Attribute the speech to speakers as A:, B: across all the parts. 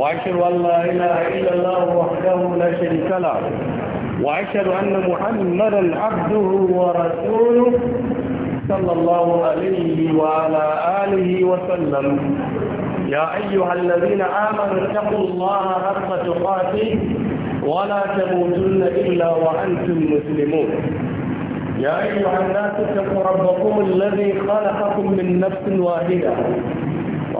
A: وأشهد أن لا إله إلا الله وحده لا شريك له وأشهد أن محمدا عبده ورسوله صلى الله عليه وعلى آله وسلم يا أيها الذين آمنوا اتقوا الله حق تقاته ولا تموتن إلا وأنتم مسلمون يا أيها الناس اتقوا ربكم الذي خلقكم من نفس واحدة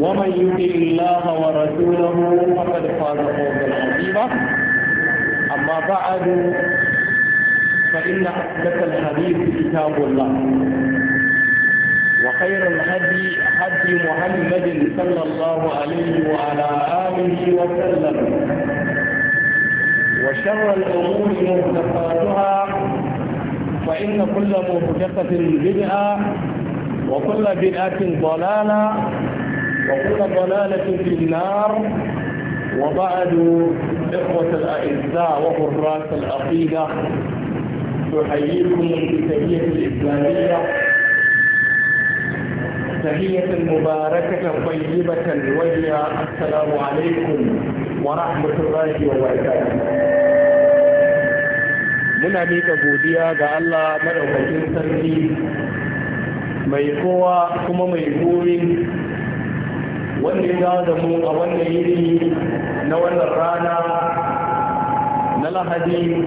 A: ومن يطع الله ورسوله فقد فاز فوزا عظيما اما بعد فان اصدق الحديث كتاب الله وخير الهدي هدي محمد صلى الله عليه وعلى اله وسلم وشر الامور محدثاتها فان كل محدثه بدعه وكل بدعه ضلاله وكل ضلالة في النار وبعد إخوة الأعزاء وحراس العقيدة أحييكم بالتحية الإسلامية تهية مباركة طيبة وهي السلام عليكم ورحمة الله وبركاته muna miƙa godiya ga Allah جنسا لي ما يقوى كما ما goyi wanda ya da mu a wannan yiri na wannan rana na lahadi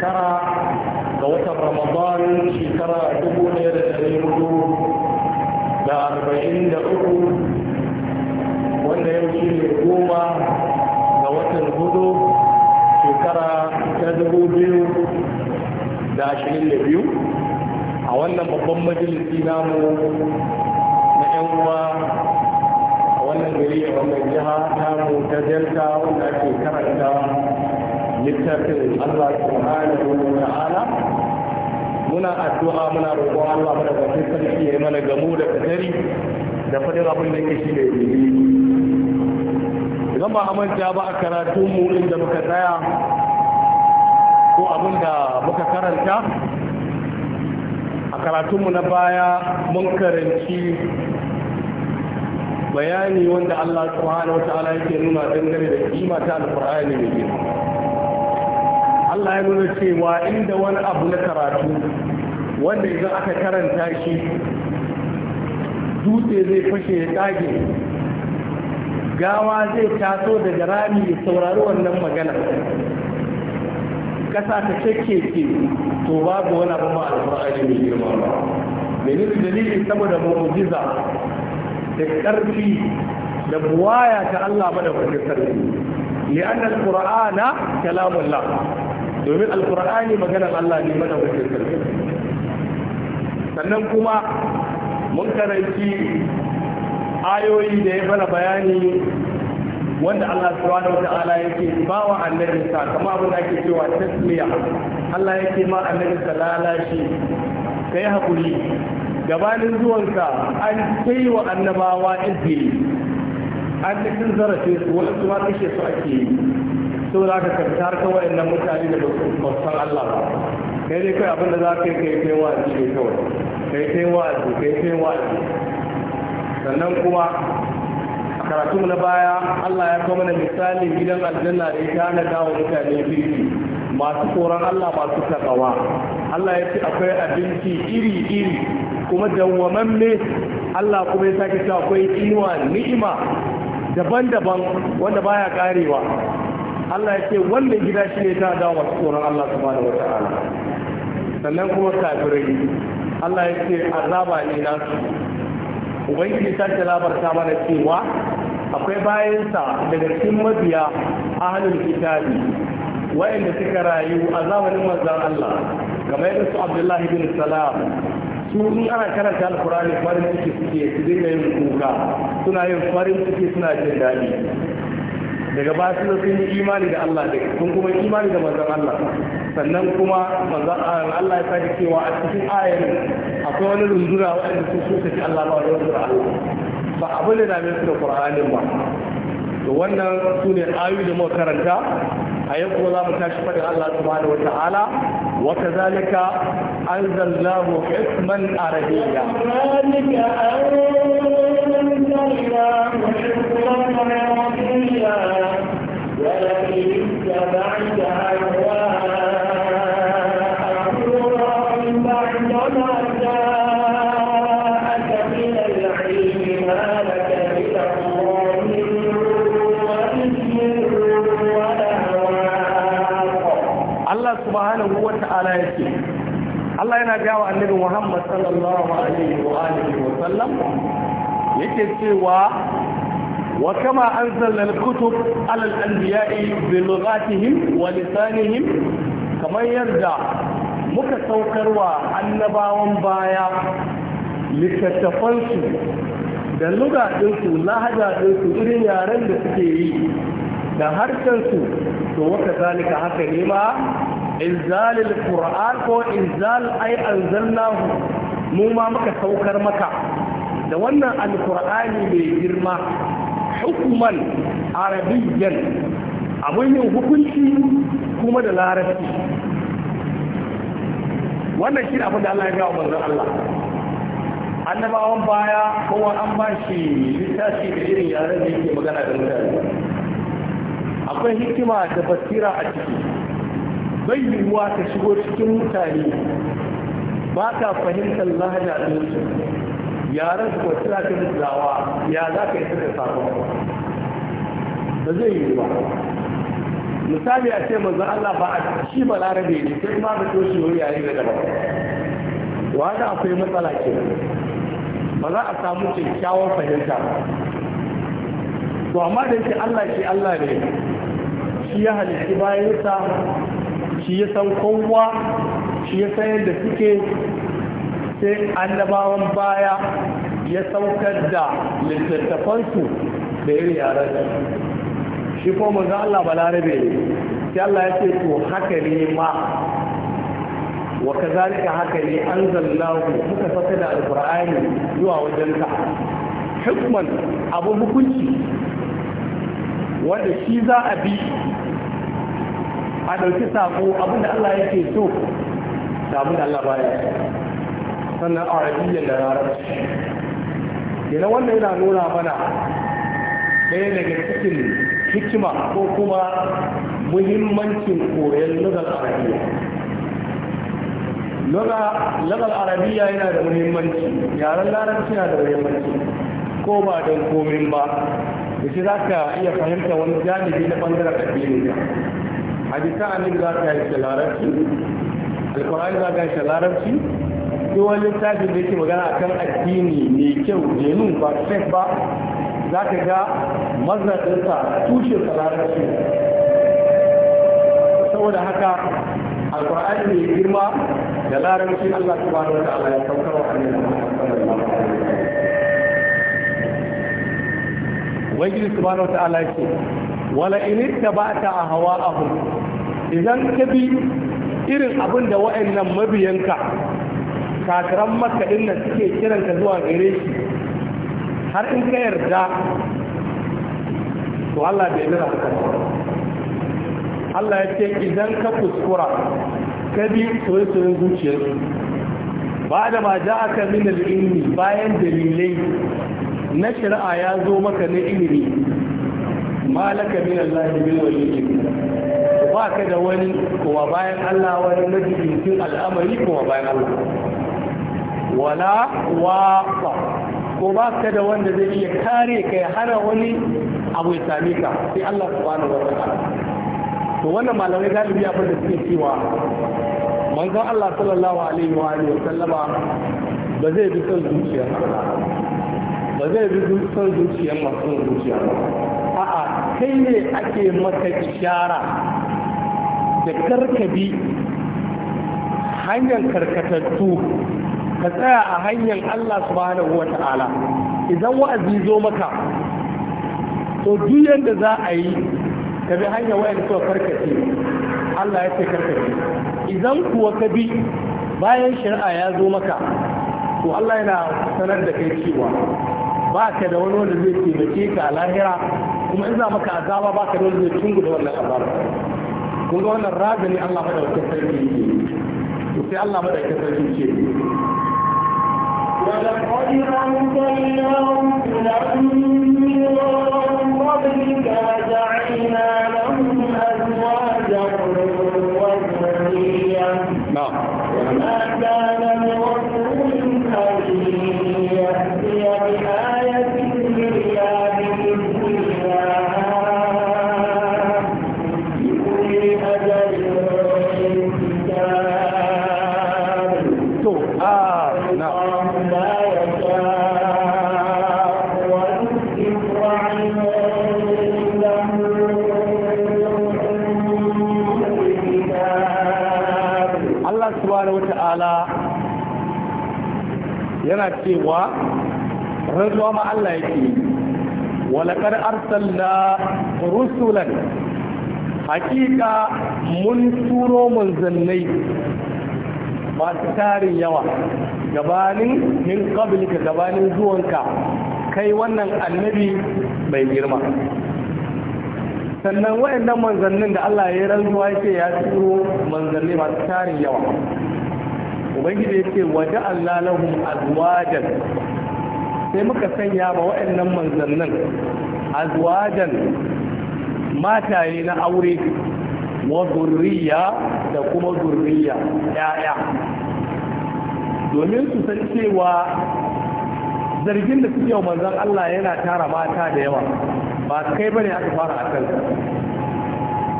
A: tara ga watan ramadan shekara dubu ɗaya da ɗari hudu da arba'in da uku wanda yau shi ne goma ga watan hudu shekara ta dubu biyu da ashirin da biyu a wannan babban majalisi namu na 'yan uwa wannan gari wannan jiha ta muta delta wanda ake karanta littafin allah subhanahu wa ta'ala muna addu'a muna roƙo allah mana ba sarki ya mana gamu da kadari da fadin abin da yake shi da yi idan ba a manta ba a karatunmu inda muka tsaya ko abin da muka karanta a karatunmu na baya mun karanci bayani wanda Allah subhanahu wataala yake nuna dangane da kima ta alqur'ani ne Allah ya nuna cewa inda wani abu na karatu wanda idan aka karanta shi dutse zai fashe ya kage gawa zai taso daga rami ya saurari wannan magana kasa ta cekeke to babu wani abu ba alqur'ani mai girma ba menene dalilin saboda mu'jiza da ƙarfi da buwaya ta Allah madaukakin sarki li'anna al-qur'ana kalamullah domin al maganar Allah ne madaukakin sarki sannan kuma mun karanci ayoyi da ya bana bayani wanda Allah subhanahu wata'ala yake ba wa annabi sa kamar abin da ake cewa tasmiya Allah yake ma annabi sa lalashi kai hakuri gabanin zuwanka an kai wa annabawa izini an cikin zarafe su wasu ma kashe su ake yi so za ka karta harkar waɗannan mutane da bakon Allah ba kai ne kai abin da za ka yi kai kai wa'azi ne kawai kai kai wa'azi kai kai wa'azi sannan kuma a karatu na baya Allah ya kawo mana misalin gidan aljanna da ya tana dawo mutane biyu masu tsoron Allah masu takawa Allah ya ce akwai abinci iri-iri kuma dawwamamme Allah kuma ya sake cewa akwai inuwa ni'ima daban-daban wanda baya karewa Allah ya ce wannan gida shi ne ta dawo masu tsoron Allah subhanahu wata'ala sannan kuma kafirai Allah ya ce azaba ne nasu ubangiji ta ce labarta mana cewa akwai bayansa daga cikin mabiya ahlul kitabi wayanda suka rayu a zamanin manzan Allah kamar yadda su Abdullahi bin Salam su in ana karanta alkurani farin ciki suke su dinga yin kuka suna yin farin ciki suna jin daɗi daga ba su da sun yi imani da Allah da sun kuma imani da manzan Allah sannan kuma manzon ah, Allah ya sake cewa a cikin ayar akwai wani rundura waɗanda sun suka ci Allah ba wani Allah ba abu da dame su da Qur'anin ba to wannan su ne ayu da muka karanta a yau kuma za mu tashi faɗin Allah subhanahu wa ta'ala wa kazalika anzalnahu hikman arabiyya
B: anzalnahu hikman arabiyya
A: yana ga wa annabi Muhammad sallallahu alaihi wa alihi wa sallam yake cewa wa kama anzalna al-kutub ala al-anbiya'i bi lughatihim wa lisanihim kamar yadda muka saukar wa annabawan baya littattafansu da lugaɗinsu lahajaɗinsu irin yaren da suke yi da harshensu to waka zalika haka ne ma inzalil qur'an ko inzal ay anzalnahu mu ma muka saukar maka da wannan alqur'ani mai girma hukuman arabiyyan abin yin hukunci kuma da larabci wannan shi abin da Allah ya ga manzon Allah annabawan baya kowa an ba shi littafi da irin yaren da yake magana da mutane akwai hikima da basira a ciki bai yiwuwa ta shigo cikin mutane ba ka fahimtar lahaja ɗinsu yaran su wasu za ka zawa ya za ka yi suka sabo ba zai yi ba misali a ce manzon Allah ba a shi ba larabe ne sai ma ba toshi wani yare da daban da akwai matsala ke ba za a samu kyakkyawan fahimta to amma da yake Allah shi Allah ne shi ya halitta sa shi ya san kowa shi ya san yadda suke sai annabawan baya ya saukar da littattafansu da iri yaran shi ko manzo Allah balarabe ne sai Allah ya ce to haka ne ma wa kazalika haka ne anzalallahu muka saka da alqur'ani zuwa ka. hikman abu hukunci wanda shi za a bi a ɗauki saƙo abinda Allah yake so da abinda Allah baya sannan a rabiyyar da larabci kenan wannan yana nuna mana ɗaya daga cikin hikima ko kuma muhimmancin koyon lugar arabiya lugar arabiya yana da muhimmanci yaren larabci yana da muhimmanci ko ba don komin ba da shi za ka iya fahimta wani jami'i na bangaren addinin ne. hadisan annabi za ta yi shi larabci alkur'ani za ta yi shi larabci wani littafin da yake magana akan addini mai kyau jenun ba shek ba za ka ga mazaɗinsa tushe sa saboda haka alkur'ani mai girma da larabci Allah subhanahu wa ta'ala ya saukar wa annabi sallallahu alaihi wasallam ubangiji subhanahu wa ya ce wala in hawa ahwa'ahum idan ka bi irin abin da wa'annan mabiyanka kakaran maka din nan suke kiran ka zuwa gare shi har in ka yarda to Allah bai nuna haka Allah ya ce idan ka kuskura ka bi soyayyen zuciyar ba da ba za aka min ilmi bayan dalilai na shari'a ya zo maka na ilimi malaka min Allah min waliyi ba ka da wani kowa bayan Allah wani majibin al'amari kowa bayan Allah wala wafa ko ba ka da wanda zai iya kare ka ya hana wani abu ya same ka sai Allah subhanahu wa ta'ala to wannan malamai galibi abin da suke cewa manzo Allah sallallahu alaihi wa alihi wa sallama ba zai bi son zuciya ba zai bi son zuciya masu zuciya ba kai ne ake maka ishara da karkabi hanyar karkatattu ka tsaya a hanyar Allah subhanahu wa ta'ala idan wa'azi zo maka to duk yadda za a yi ka bi hanyar wa'azi suka karkace Allah ya ce karkace idan kuwa ka bi bayan shari'a ya zo maka to Allah yana sanar da kai cewa ba ka da wani wanda zai taimake ka a lahira kuma in za maka azaba ba ka dole zai tungu da wannan azaba kun ga wannan razani Allah madaukakin sarki yake to sai Allah madaukakin sarki ce
B: ولقد أنزلنا رسلا من قبلك وجعلنا لهم أزواجا وذرية وما كان
A: cewa rantsuwa ma Allah yake walakar arsalna rusulan hakika mun turo manzannai masu tarin yawa gabanin min kabilika gabanin zuwanka kai wannan annabi mai girma sannan waɗannan manzannin da Allah ya rantsuwa yake ya turo manzanni masu tarin yawa ubangiji ya ce waje lahum azwajan sai muka sanya ma waɗannan manzannin azwajan mataye na aure wa zurriya da kuma zurriya ya'ya domin su san cewa zargin da suke manzan Allah yana tara mata da yawa ba kai bane aka fara a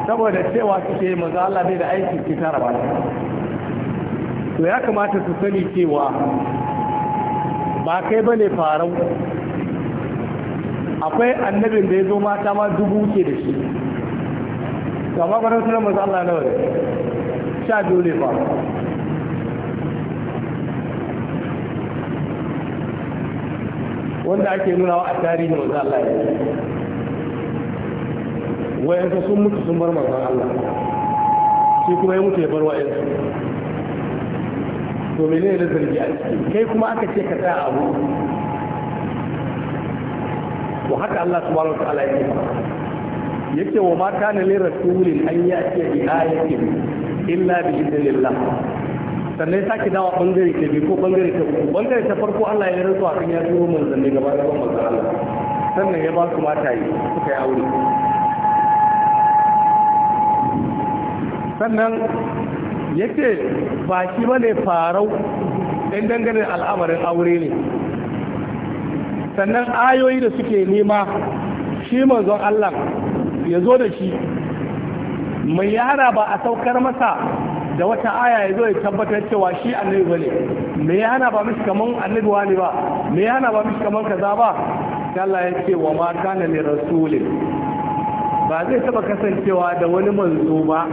A: saboda cewa suke manzan Allah bai da aiki ke tara mata to ya kamata su sani cewa ba kai ba ne farau akwai annabin da ya zo mata ma dubu ke da shi gama kwanar suna masu Allah na ne sha biyu ne ba. wanda ake nuna wa a tarihi masu Allah ne wayansa sun mutu sun bar masu Allah shi kuma ya mutu ya bar wayansu to mene ne zargi a kai kuma aka ce ka tsaya abu wa haka Allah subhanahu wa ta'ala yake yake wa ma kana li rasul an ya'ti bi ayatin illa bi idnillah sannan saki dawa bangare ke bi ko bangare ta uku bangare ta farko Allah ya rantsuwa kan ya turo manzanni gaba da ban manzan Allah sannan ya ba su mataye suka yi aure sannan ya ce ba shi ba ne farau ɗan dangane al'amarin aure ne sannan ayoyi da suke nema shi manzon Allah ya zo da shi mai yara ba a saukar masa da wata aya ya zo ya tabbatar cewa shi annabi ne. mai yana ba mishi kaman annabi wani ba mai yana ba mishi kaman kaza ba Allah ya ce wa ma kana li rasulin ba zai taba kasancewa da wani manzo ba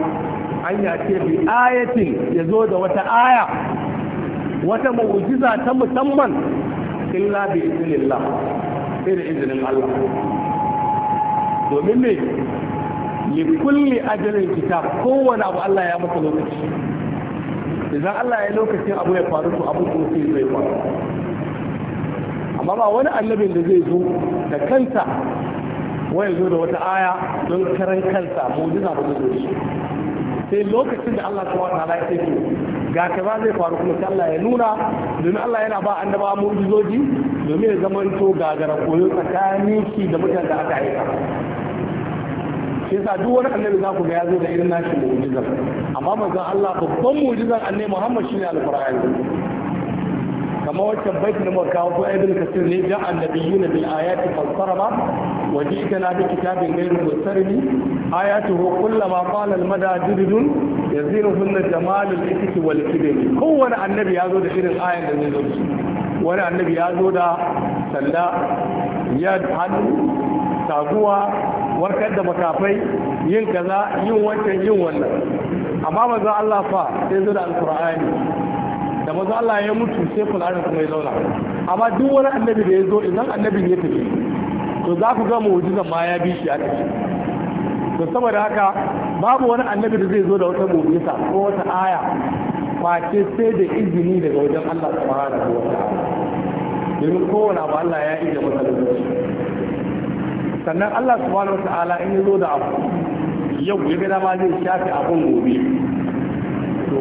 A: an yace bi ayatin ya zo da wata aya wata mu'jiza ta musamman illa bi iznillah sai da Allah domin me li kulli ajalin kitab kowane abu Allah ya maka lokaci idan Allah ya lokacin abu ya faru to abu kuma sai zai faru amma ba wani annabin da zai zo da kansa wai zo da wata aya don karan kansa mu'jiza ba zai zo sai lokacin da Allah subhanahu wataala ya ce ga kaza zai faru kuma sai Allah ya nuna domin Allah yana ba annaba mu'jizoji domin ya zama to gagara koyo tsakanin shi da mutanen da aka aika shi sa duk wani annabi za ku ga ya zo da irin nashi mu'jizar amma manzon Allah babban mu'jizar annabi Muhammad shine alqur'ani kamar wancan baitin da muka kawo ko ibn kasir ne da annabiyuna bil ayati fasarama wa na bi kitabin ghayr mustarimi ayatuhu kullama qala al madajidun yaziruhunna jamal al ikti wal kibr kowanne annabi ya zo da irin ayan da zai zo wani annabi ya zo da sanda ya hannu taguwa warkar da matafai, yin kaza yin wancan yin wannan amma manzo Allah fa sai zo da alqur'ani da manzo Allah ya mutu sai da kuma ya zauna amma duk wani annabi da ya zo idan annabin ya tafi to za ku ga mu'jizan ma ya bi shi a ciki to saboda haka babu wani annabi da zai zo da wata mu'jiza ko wata aya face sai da izini daga wajen Allah subhanahu wa ta'ala domin kowane abu Allah ya iya masa shi. sannan Allah subhanahu wa ta'ala in ya zo da abu yau ya ga dama zai shafe abun gobe to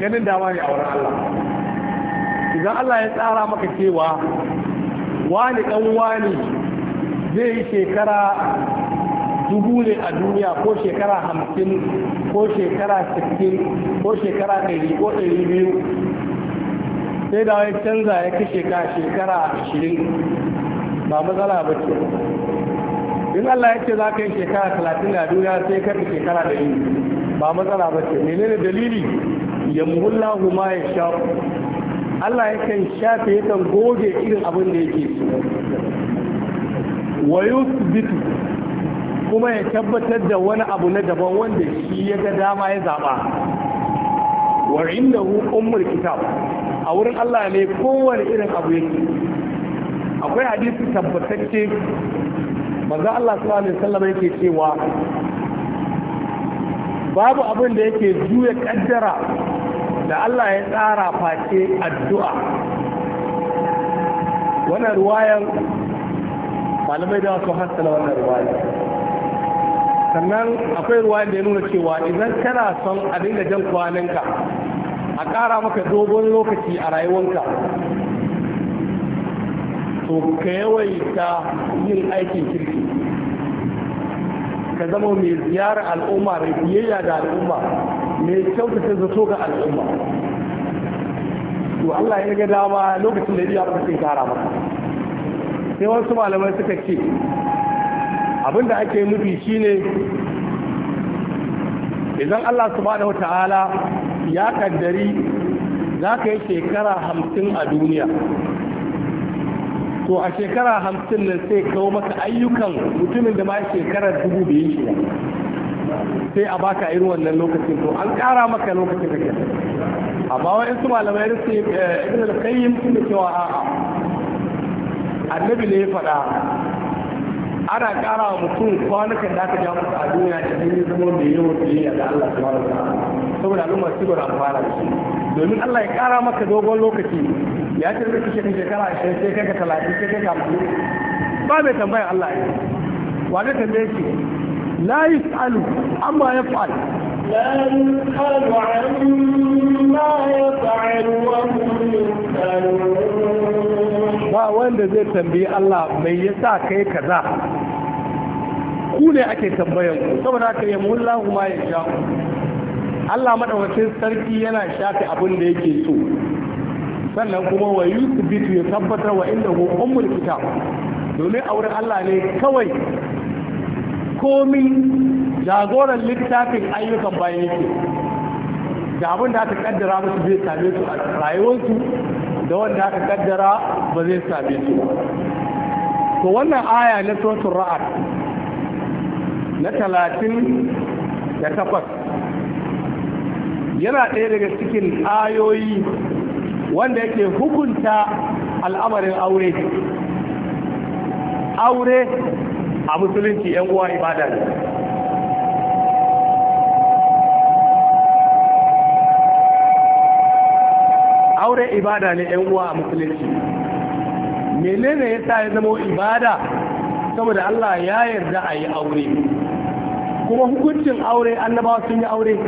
A: ganin dama ne a wurin Allah idan Allah ya tsara maka cewa wani dan wani zai yi shekara dubu ne a duniya ko shekara hamsin ko shekara sittin ko shekara ɗari ko ɗari biyu sai da wani canza ya kashe ka shekara ashirin ba matsala ba ce in Allah ya ce za ka yi shekara talatin a duniya sai ka fi shekara ɗari ba matsala ba ce menene dalili yamhullahu ma ya sha Allah kan shafe yakan goge irin abin da yake so wa yuthbitu kuma ya tabbatar da wani abu na daban wanda shi ya ga dama ya zaba wa indahu ummul kitab a wurin Allah ne kowane irin abu yake akwai hadisi tabbatacce manzo Allah sallallahu alaihi wasallam yake cewa babu abin da yake juya kaddara da Allah ya tsara face addu'a wannan ruwayan malamai da wasu hassana wannan ruwayan sannan akwai ruwayan da ya nuna cewa idan kana son a dinga jan kwananka a ƙara maka dogon lokaci a rayuwanka to ka yawaita yin aikin kirki ka zama mai ziyarar al'umma da biyayya da al'umma mai kyautata zato ga al'umma to Allah ya ga dama lokacin da iya ba sai kara maka sai wasu malamai suka ce abinda ake nufi shine idan Allah subhanahu wata'ala ya kaddari za ka yi shekara hamsin a duniya to a shekara hamsin nan sai kawo maka ayyukan mutumin da ma shekara dubu biyu shi sai a baka irin wannan lokacin to an kara maka lokacin da kake amma wa su malamai da su eh, ibn al-qayyim sun da cewa a'a annabi ne ya faɗa ana kara wa mutum kwanukan da aka ja masa a duniya da yi zama mai yawan biyayya da Allah ta wa saboda al'umma su bar amfana da shi domin Allah ya kara maka dogon lokaci ya ce zai kashe shekara 20 sai kai ka talatin sai kai ka 50 ba mai tambayar Allah ya wa zai tambaye
B: shi لا يسأل عما يفعل لا يسأل عما يفعل
A: wanda zai tambayi Allah mai yasa kai kaza ku ne ake tambayan ku saboda haka ya mullahu ma ya sha Allah madaukakin sarki yana shafe abin da yake so sannan kuma wa yusbitu ya tabbatar wa inda hu ummul kitab domin auren Allah ne kawai komi jagoran littafin ayyukan bayan yake da abin da aka kaddara musu zai same su a rayuwarsu da wanda aka kaddara ba zai same su to wannan aya na suratul ra'ad na talatin da takwas yana ɗaya daga cikin ayoyi wanda yake hukunta al'amarin aure aure a musulunci yan uwa ibada ne aure ibada ne yan uwa a musulunci menene yasa ya zama ibada saboda Allah ya yarda a yi aure kuma hukuncin aure annabawa sun yi aure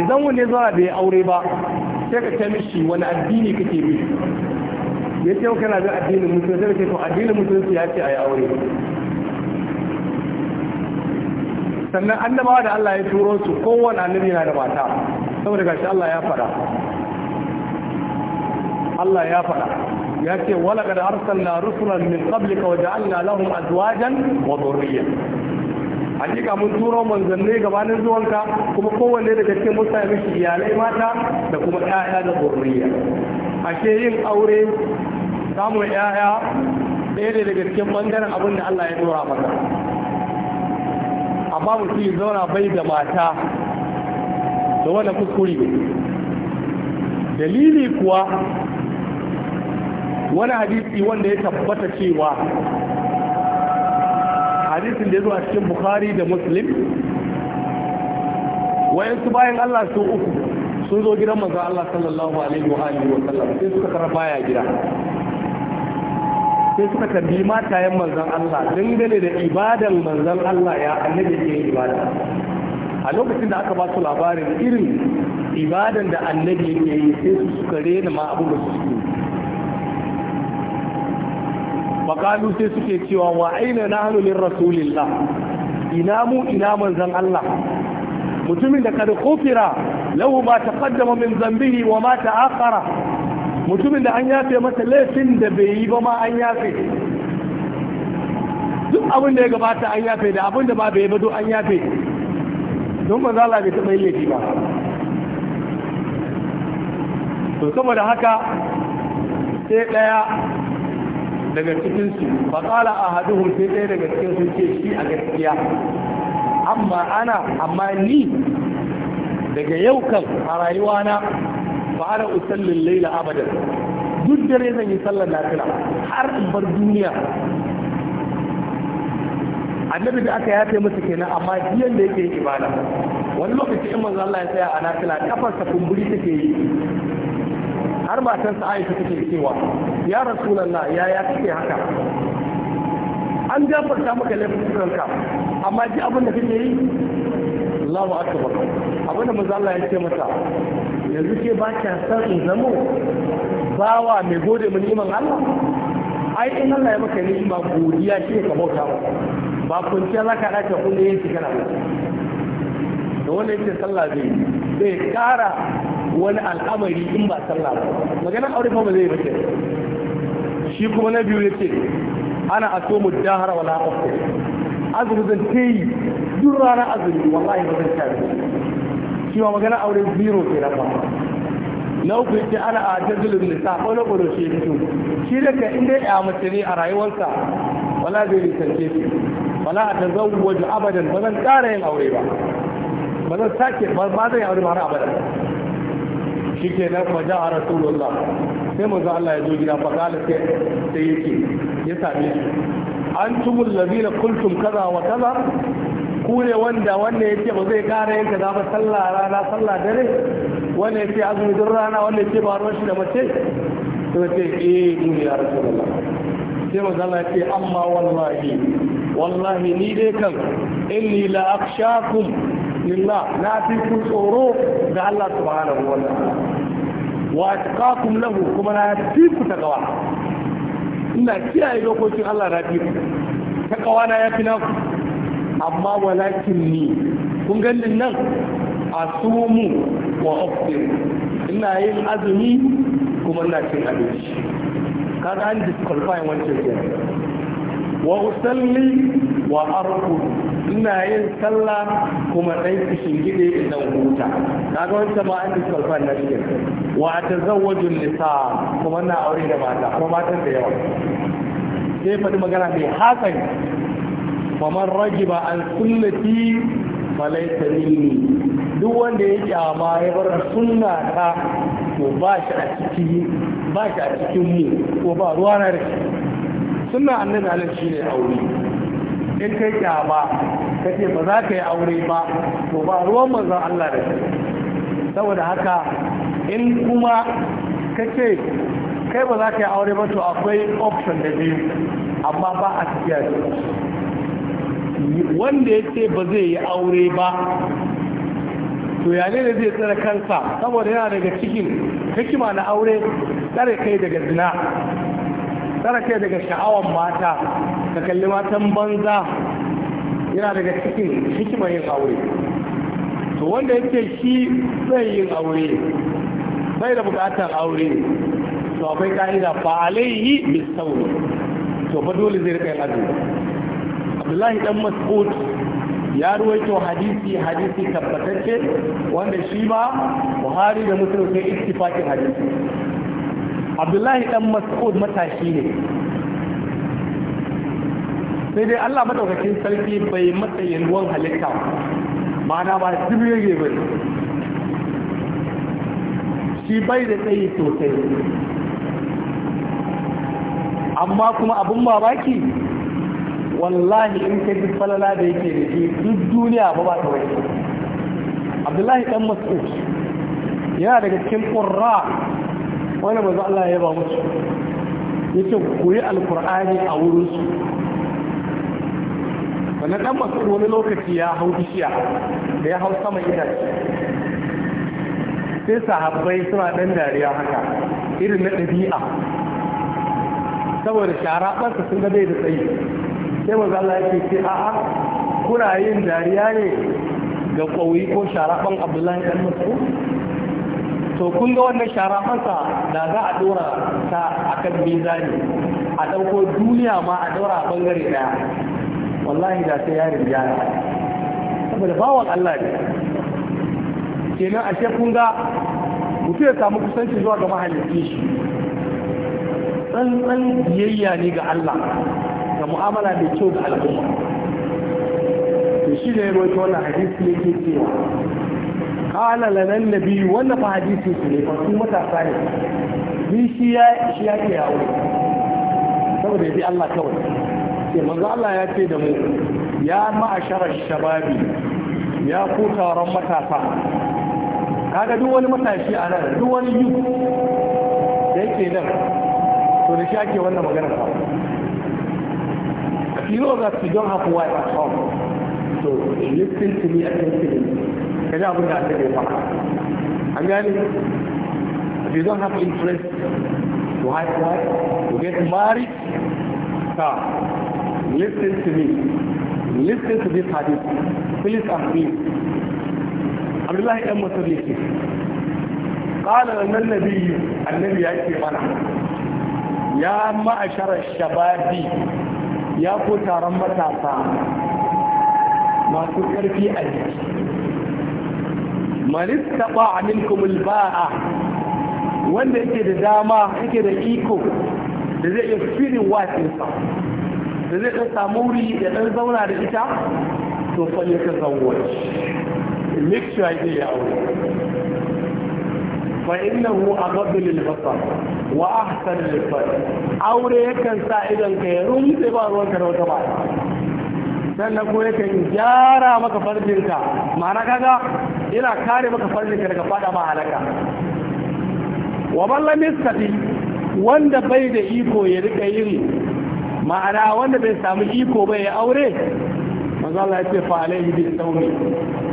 A: idan wani zuwa bai aure ba sai ka ta mishi wani addini kake bi ya ce kana bin addinin musulunci sai ke to addinin musulunci ya ce a yi aure sannan annabawa da Allah ya turo su kowane annabi yana da mata saboda gashi Allah ya fada Allah ya fada ya ce wala kad arsalna rusulan min qablika wa ja'alna lahum azwajan wa dhurriyya hakika mun turo manzanni gabanin zuwanka kuma kowanne daga cikin musa ya mishi iyalai mata da kuma ƴaƴa da dhurriyya ashe yin aure samun ya'ya ɗaya ne daga cikin ɓangaren abin da Allah ya dora masa amma mutum zauna bai da mata da wani kuskuri. ne dalili kuwa wani hadisi wanda ya tabbata cewa hadisin da ya zo a cikin bukhari da muslim wayansu bayan Allah su uku sun zo gidan manzo Allah sallallahu alaihi wa sallam sai suka tara baya gida sai suka tambayi matayen manzon Allah dangane da ibadan manzon Allah ya annabi ke ibada a lokacin da aka ba su labarin irin ibadan da annabi ke yi sai su suka rena ma abin da su suke bakalu sai suke cewa wa aina nahnu lin rasulillah ina mu ina manzon Allah mutumin da kada kofira lau ma taqaddama min zambihi wa ma ta'akhara mutumin da an yafe masa laifin da bai yi ba ma an yafe duk abin da ya gabata an yafe da abin da ba bai ba an yafe don ba za bai taɓa yi laifi ba to saboda haka sai ɗaya daga cikinsu ba tsala a haduhun sai ɗaya daga cikinsu ce shi a gaskiya amma ana amma ni daga yau kan a rayuwana ba ana usallin laila abadan duk dare zan yi sallar nafila har in bar duniya annabi da aka yafe masa kenan amma jiyan da yake yin ibada wani lokaci in manzo Allah ya tsaya a nafila kafarsa kumburi take yi har sa Aisha take cewa ya rasulullah ya ya kike haka an gafarta maka laifukanka amma ji abin da kake yi Allahu akbar abin da manzo Allah ya ce mata yanzu ke ba ta san in zamo bawa mai gode mu iman Allah ai in Allah ya maka ba godiya shi ka bauta ba ba kwanciya za ka dace kunne yin kana da wanda yake sallah zai zai kara wani al'amari in ba sallah ba magana aure fa ba zai ba shi kuma na biyu yace ana aso mu dahara wala aqul azumi zan tayi duk ranar azumi wallahi ba zan tayi shi ma magana aure zero ke na fa na uku yake ana a jazulun nisa ko na shi yake shi da ka inda ya mace ne a rayuwarsa wala zai rikarce shi wala a tazawwaju abadan ba zan kara yin aure ba ba zan sake ba zan yi aure ba har abadan shi ke nan fa ja'a rasulullah sai manzo Allah ya zo gida ba kala sai sai yake ya same shi tumul ladina kultum kaza wa kaza ku ne wanda wanda ya ce ba zai kara yanka za ba sallah rana sallah dare wanda ya ce azumi duk rana wanda ya ce ba ruwan shi da mace ya ce eh mu ya rasulullah sai manzala ya ce amma wallahi wallahi ni dai kan inni la akhshakum lillah na fi ku tsoro ga Allah subhanahu wa ta'ala wa atqakum lahu kuma na fi ku takawa ina kiyaye lokacin Allah na fi ku takawa na yafi naku amma walakin ni kun ganin nan asumu wa afdir ina yin azumi kuma ina cin abinci kaga an disqualify wancan ke wa usalli wa arqud ina yin sallah kuma dai kishin gide idan huta kaga wanda ma an disqualify na cikin wa tazawwaju nisa kuma na aure da mata kuma matan da yawa sai faɗi magana mai hakan faman ba an sunnati falaita minni duk wanda ya kyama ya bar sunna ta to ba shi a cikin ba shi a cikin mu ko ba ruwa na da shi sunna annabi shi ne aure in kai kyama ka ce ba za ka yi aure ba to ba ruwan manzon Allah da shi saboda haka in kuma ka ce kai ba za ka yi aure ba to akwai option da biyu amma ba a cikin wanda ya ce ba zai yi aure ba to ya ne zai tsara kansa saboda yana daga cikin hikima na aure tsare kai daga zina tsare kai daga sha'awan mata ka kalli matan banza yana daga cikin hikimar yin aure to wanda ya ce shi zai yin aure bai da bukatar aure to akwai ka'ida fa alaihi bisawr to ba dole zai rika yin azumi abdullahi dan mas'ud ya ruwaito hadisi hadisi tabbatacce wanda shi ma buhari da muslim sai ittifaqin hadisi abdullahi dan mas'ud matashi ne sai dai Allah madaukakin sarki bai masa yalwan halitta ma'ana ba jibirge ba shi bai da tsayi sosai amma kuma abun mamaki wallahi in ka ji falala da yake da shi duk duniya ba ba ta wani abdullahi dan mas'ud yana daga cikin qurra ba manzo Allah ya ba musu yace koyi alqur'ani a wurin su wannan dan mas'ud wani lokaci ya hau bishiya da ya hau sama idan. sai sahabbai suna dan dariya haka irin na dabi'a saboda shara ɓarsa sun ga bai da tsayi sai manzo Allah yake ce a'a kuna yin dariya ne ga kwauyi ko sharaɓan Abdullahi ɗan masu to kun ga wannan sharaɓansa da za a ɗora ta a biza ne a ɗauko duniya ma a ɗora a ɓangare ɗaya wallahi da sai yarin ne saboda bawan Allah ne kenan ce kun ga mutum ya samu kusanci zuwa ga mahalicci shi tsantsan biyayya ne ga Allah mu'amala da kyau da al'umma to shi ne ruwaito wannan hadisi ne ke cewa kala lanan nabi wannan fa hadisi su ne fa su matasa ne ni shi ya shi ya ke yawo saboda yabi Allah kawai ke manzo Allah ya ce da mu ya ma'ashara shababi ya ku taron matasa kaga duk wani matashi a nan duk wani yuth da yake nan to da shi ake wannan magana You know that you don't have wife at home. So listen to me attentively. Kada abin da aka yi faɗa. An gane? If you don't have interest to have wife, to get married, stop. Listen to me. Listen to this hadith. Please and please. Abdullahi ɗan mutum yake. Ƙalar nan nabi annabi ya ce mana. Ya ma'ashara ya ko taron matasa masu ƙarfi a jiki malista ba a minkumul ba'a wanda yake da dama yake da iko da zai iya firin wasinsa da zai ɗan samu wuri da ɗan zauna da ita to falle ka zauwa make sure ya aure فإنه أغض للبصر وأحسن للبصر aure yakan sa idan ka ya rumi sai ba da wata ba sannan ko yakan gyara maka farjinka ma'ana kaga ina kare maka farjinka daga fada ba halaka wa ballan miskati wanda bai da iko ya rika yin ma'ana wanda bai samu iko bai ya aure manzo Allah ya ce fa alaihi bi sawmi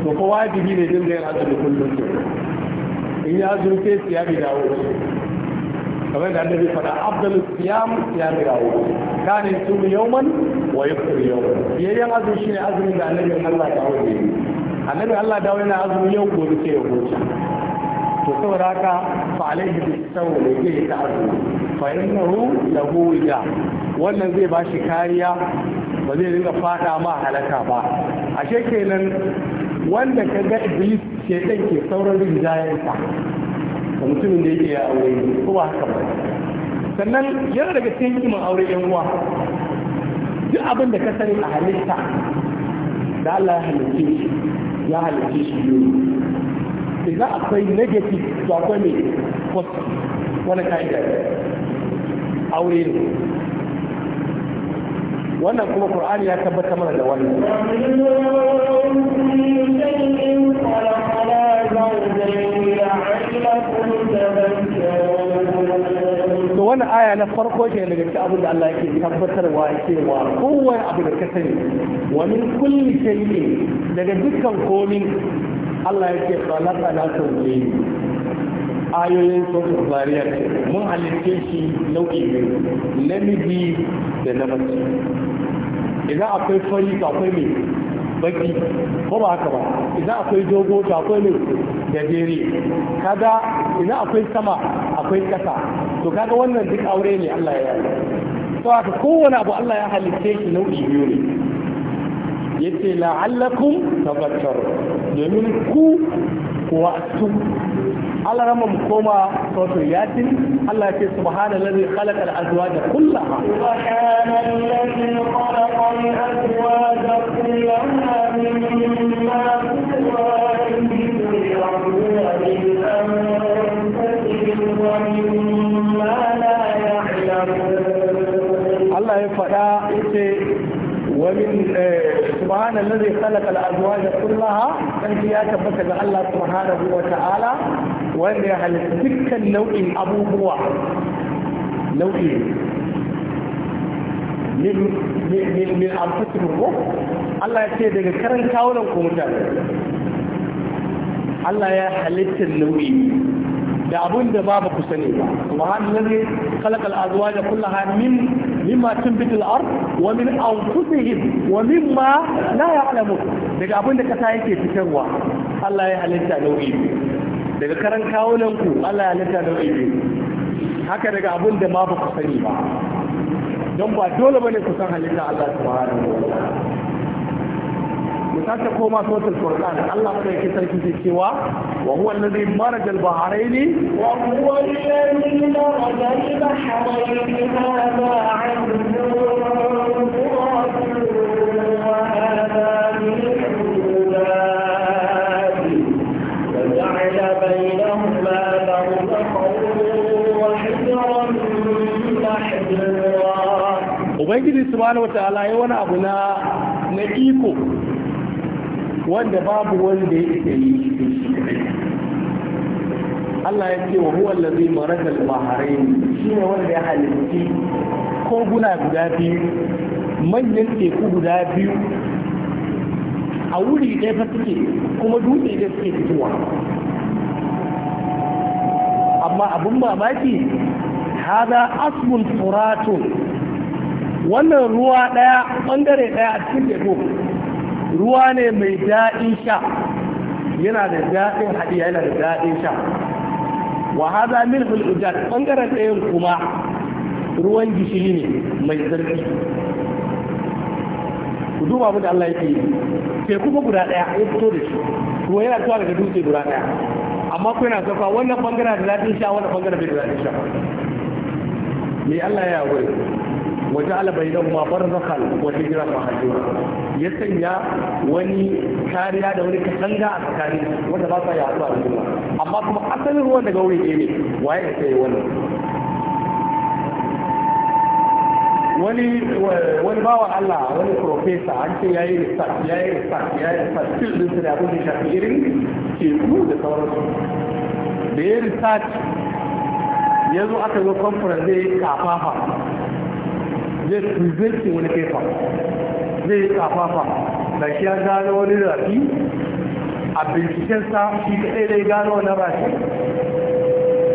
A: to ko wajibi ne da ya azumi kullum in ya zurfe bida wuce kamar da annabi fada abdul siyam siyami dawo kana yau man wa yafṭir yawman yayyan azumi shine azumin da annabi Allah ta dawo ne annabi Allah dawo yana azumi yau gobe sai ya wuce to saboda haka fa alaihi bisawu da yake ta azumi fa innahu lahu ya wannan zai bashi kariya ba zai dinga fada ma halaka ba ashe kenan wanda ka ga iblis ke ɗan ke sauran rinjayensa da mutumin da yake ya aure ko ba haka ba sannan yana daga cikin kima aure yan uwa duk abin da ka sani a halitta da Allah ya halitta shi ya halitta shi yau idan akwai negative to akwai mai positive wani ka'ida aure
B: ne wannan kuma qur'ani ya tabbata mana da wannan
A: to wannan aya na farko ke daga cikin abin da Allah yake tabbatarwa cewa kowane abu da ka sani wa min kulli shay'in daga dukkan komin Allah yake khalaqana tawjih ayoyin sosu zariyar mun halitta shi nau'i biyu namiji da na mace idan akwai fari to akwai mai baki ko ba haka ba idan akwai dogo to akwai mai gajere kaga idan akwai sama akwai ƙasa to kaga wannan duk aure ne Allah ya yi to haka kowane abu Allah ya halitte shi nau'i biyu ne yace la'allakum tafakkaru domin ku واتو الله رمم كوما صوت ياتي الله سبحان الذي خلق الأزواج
B: كلها سبحان الذي خلق ومن سبحان
A: الذي خلق الأزواج كلها أنت يا تبتك الله سبحانه وتعالى وأن يحل تلك النوع أبو هو نوع من من من أنفسهم الله يكيد كرن كاولا كمتابع الله ya halitta nau'i da abun da ba ku sani ba subhanallazi khalaqa al-azwaja kullaha min mimma tunbitu al-ard wa min anfusihim wa mimma la ya'lamun daga abin da kasa yake fitarwa Allah ya halitta nau'i daga karan kawunan ku Allah ya halitta nau'i haka daga abin da ma ba ku sani ba don ba dole bane ku san halitta Allah subhanahu wa ta'ala mu sake koma sautar Qur'an Allah sai yake sarki ke cewa wa huwa alladhi
B: marajal bahraini wa huwa alladhi marajal
A: ubangiji subhanahu wataala ya wani abu na na iko wanda babu wanda ya ke yi shi Allah ya ce wa huwa allazi marajal bahrain shine wanda ya halitti koguna guda biyu manyan teku guda biyu a wuri ɗaya fa suke kuma dutse ɗaya suke fitowa amma abin mamaki hada asmun turatun wannan ruwa ɗaya ɓangare ɗaya a cikin teku ruwa ne mai daɗin sha yana da daɗin haɗiya yana da daɗin sha wa haza min hulujat ɓangaren ɗayan kuma ruwan gishiri ne mai zarfi ku duba mu da Allah yake yi sai kuma guda ɗaya ya fito da shi ruwa yana zuwa daga dutse guda ɗaya amma ku yana zafa wannan ɓangaren da daɗin sha wannan ɓangaren bai da daɗin sha me Allah ya yi waje albaida kuma barzakan wata hijira mahajjura ya sanya wani kariya da wani katanga a tsakani wanda ba sa yaduwa da juna amma kuma asalin ruwan daga wuri ne waye ya sai wannan wani wani bawa Allah wani profesa an ce yayi research yayi research yayi research field din sai da abin da shafi irin teku da sauransu da ya research yanzu aka zo conference zai kafafa zai wani kefa zai kafafa da shi ya gano wani rafi a bincikensa shi kaɗai dai gano wani rafi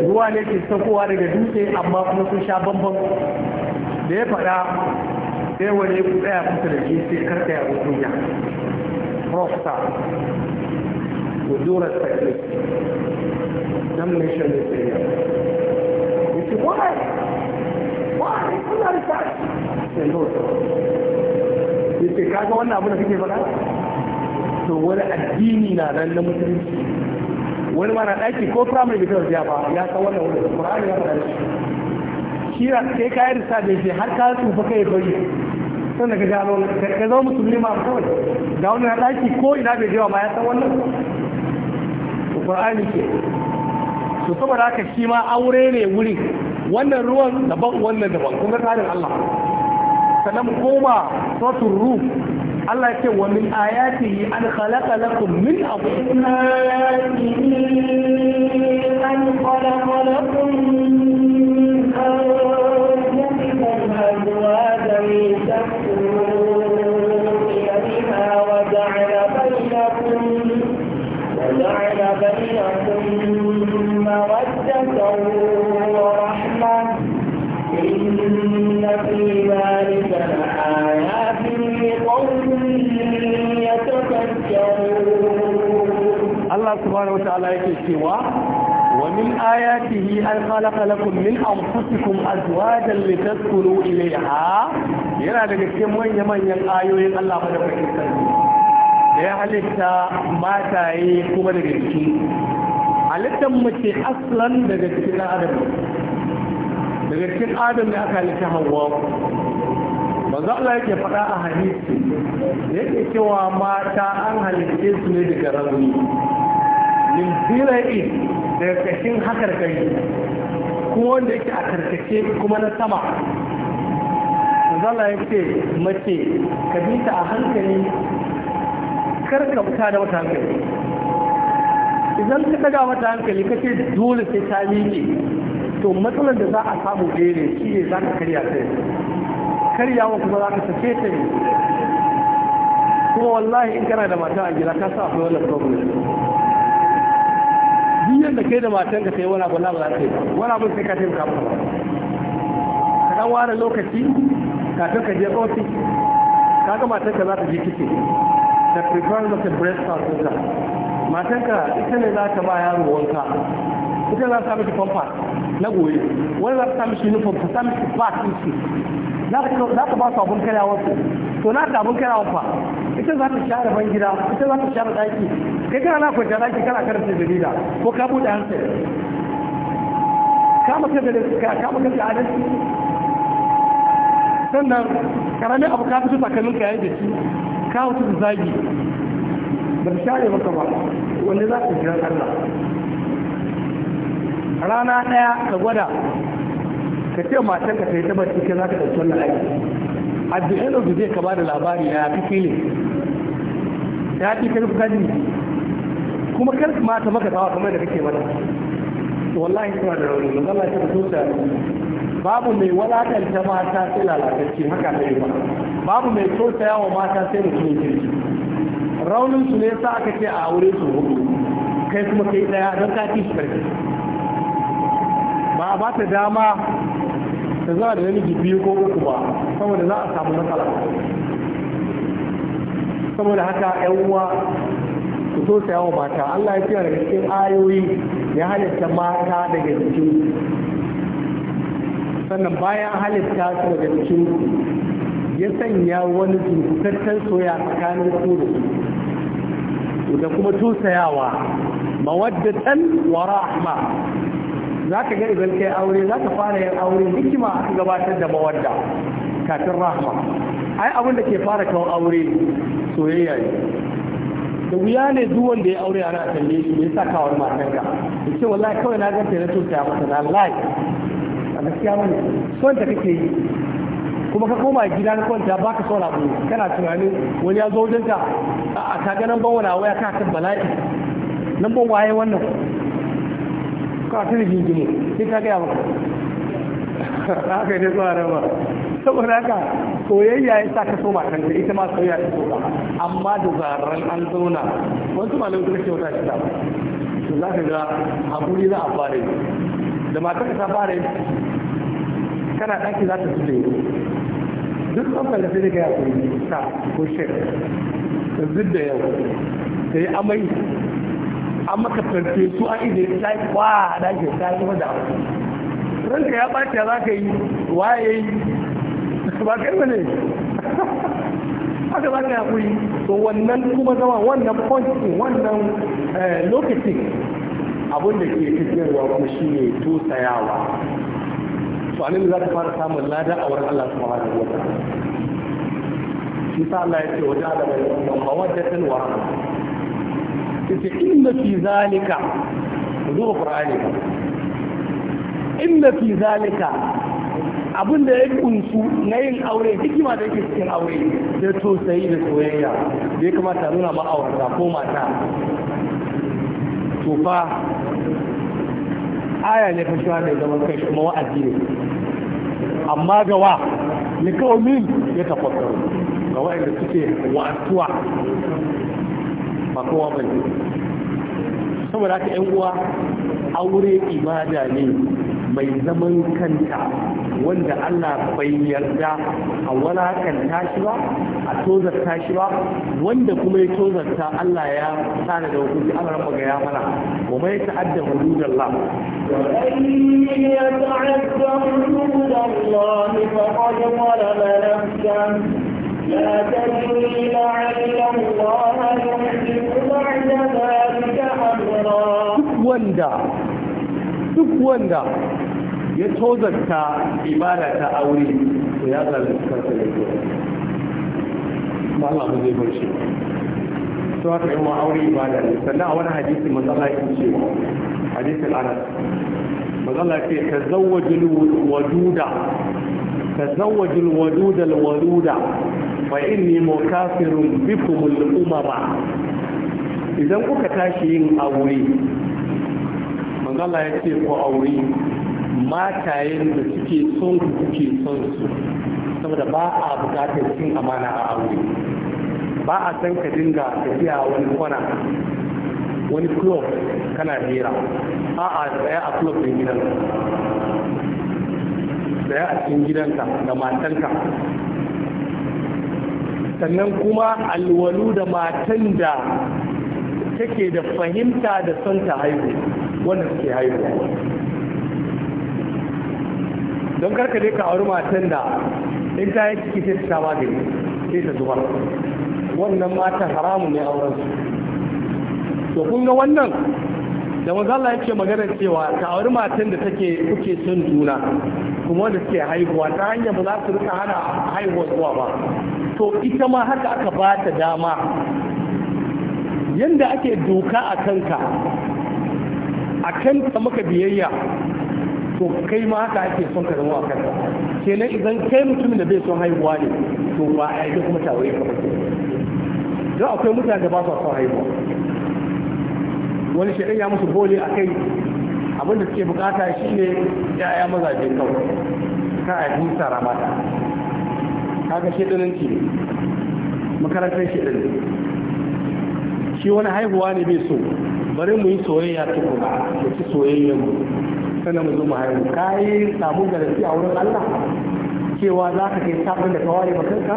A: ruwa ne ke saukowa daga dutse amma kuma sun sha bambam da ya faɗa sai wani ku tsaya kusa da shi sai karka ya rufu ya profesa wadurar sakai nan mai shan da tsaye ya
C: ce why why
B: kuna da
A: sai ce kaga wannan abu da kake wani addini na ko primary ya ba ya san wannan wani ya ka yi da shi har ka bari sun zama musulmi ma kawai ga wani ɗaki ko ina bai jewa ma ya san wannan ke to saboda haka shi ma aure ne wurin wannan ruwan daban wannan daban tsarin Allah sannan koma suratul ruh Allah ya ce wa min
B: ayatihi an khalaqa lakum min ورحمة إن في ذلك Allah subhanahu wata'ala yake cewa
A: wa min ayatihi an khalaqa lakum min anfusikum azwajan litaskunu ilayha yana daga cikin manya manyan ayoyin Allah da kake sani da ya halitta mataye kuma daga cikin halittar mace aslan daga cikin adam daga cikin adam da aka halitta hawa manzo Allah yake faɗa a hadisi yake cewa mata an halitte su ne daga rauni min zira'i daga kashin hakar kai kuma wanda yake a karkace kuma na sama manzo Allah yake mace ka bi ta a hankali kar ka fita da mata hankali idan ka daga mata hankali ka ce dole sai ta miƙe to matsalar da za a samu ɗaya ne shi ne za ka karya ta wa kuma za ka sake ta ne kuma wallahi in kana da mata a gida ka sa akwai wannan problem biyan da kai da matan ka kai wani abu na ba za ka yi wani abu sai ka ka fara ka dan ware lokaci kafin ka je ofi ka ga matan ka za ta je kitchen ta prepare masa breakfast ɗinka matan ka ita ne za ta ba yaro wanka ita za ta sami miki pampas na goye wani za ta sami shi nufin ta sa miki bat za ka ba su abun karyawa su to na ka abun karyawa fa ita za ta share ban gida ita za ta share daki kai kana na kwanciya daki kana karanta jarida ko ka buɗe hansa ka maka da ka maka da adalci sannan karamin abu ka fito takalmin ka yayin da shi ka wuce da zagi ba ta share maka ba wanda za ka jiran Allah rana ɗaya ka gwada ka ce matan ka ta yi ta barci za ka ɗauki wannan aiki a the end of the day ka ba da labari na ka filin ya ɗi ka rufuka jini kuma kar ma maka tawa kamar da kake mata to wallahi suna da rauni manzo Allah ya fito da babu mai walakanta mata sai lalatacce haka ne ba babu mai tausaya wa mata sai mutum kirki raunin su ne sa aka ce a aure su hudu kai kuma kai daya don ka ci su karfi ba a ba ta dama da za da namiji biyu ko uku ba saboda za a samu matsala saboda haka yan uwa ku so sayawa wa mata Allah ya fiye daga cikin ayoyi ya halitta mata daga cikin sannan bayan halitta su daga cikin ya sanya wani tuntutattar soya tsakanin su da su da kuma tusayawa mawaddatan wa rahma za ka ga idan kai aure za ka fara yin aure hikima aka gabatar da mawadda kafin rahama ai abin da ke fara kawo aure soyayya ne da wuya ne duk wanda ya aure ana talle shi ya sa wa matan ka ya ce wallahi kawai na ganta na tuta mata na lai a gaskiya bane son ta kake yi kuma ka koma gida na kwanta ba ka son abu kana tunanin wani ya zo wajen ka a kaganan ban wani waya ka kan bala'i nan ban waye wannan kafin jingimu sai ta gaya maka haka ne zuwa saboda soyayya ya sa ka so ita ma soyayya ta so amma da zarar an zauna wasu malamai suka ce wata yi da ta fara ta zube duk da sai daga ya ta ko amai an maka farfe su an ido ta yi kwa da ke ta yi wada ranka ya ɓata za ka yi waye ba kai ba ne haka za ka yi to wannan kuma zama wannan pointin wannan eh, lokacin abin da ke tafiyarwa kuma shi ne tusayawa to anan za ka fara samun lada a wurin Allah subhanahu wa ta'ala shi sa Allah ya ce yi ja'ala bainakum mawaddatan wa rahmah yace inna fi zalika zuwa qur'ani abin da ya kunsu na yin aure hikima da yake cikin aure da tausayi da soyayya da ya kamata nuna ma'aurata ko mata to aya ne fashewa da zaman kai kuma wa'azi ne amma ga wa ni min ya tafakkaru ga wa'anda suke wa'atuwa ba kowa bane saboda haka yan uwa aure ibada ne mai zaman kanta wanda Allah bai yarda a walakanta shi ba a tozarta shi ba wanda kuma ya tozarta Allah ya tsara da hukunci Allah rabba ga ya mana wa mai ta'adda hududallah
B: لا تدري لعل الله يحيي wanda
A: duk wanda ya tozarta ibada ta aure to ya zalunci kansa da ke ba Allah ba zai bar shi to haka yawan aure ibada ne sannan a wani hadisi matsala ya ce hadisin anas matsala ce ta zawajin waduda ta zawajin waduda waduda fa inni mukafirun bikum al-umara idan kuka tashi yin aure Allah ya ce ku aure matayen da suke son ku suke son su saboda ba a bukatar cin amana a aure ba a san ka dinga tafiya wani kwana wani club kana hira a a tsaya a club din gidan tsaya a cikin gidanka da matanka sannan kuma alwalu da matan da take da fahimta da son ta haihu wanda suke haihuwa don karka dai ka auri matan da in ta yi ciki sai ta sha magani sai ta zubar wannan matan haramun ne auren su to kun ga wannan da maza Allah yake magana cewa ka auri matan da take kuke son juna kuma wanda suke haihuwa ta hanyar ba za su rika hana haihuwa zuwa ba to ita ma haka aka ba ta dama yanda ake doka a kanka a kan ta maka biyayya to kai ma haka ake son ka zama a kanka kenan idan kai mutumin da bai son haihuwa ne to ba a yi kuma tawaye ka mutu don akwai mutane da ba su son haihuwa wani shirin ya musu bole a kai abinda suke bukata shine ya'ya mazaje kawai ka a yi tsara mata kaga shiɗinin ce makarantar shiɗin shi wani haihuwa ne bai so bari mu yi soyayya tukuna mu ci soyayyar mu sannan mu zo mu haihu ka yi samu garanti a wurin Allah cewa za ka kai sabon da ka ware ba kanka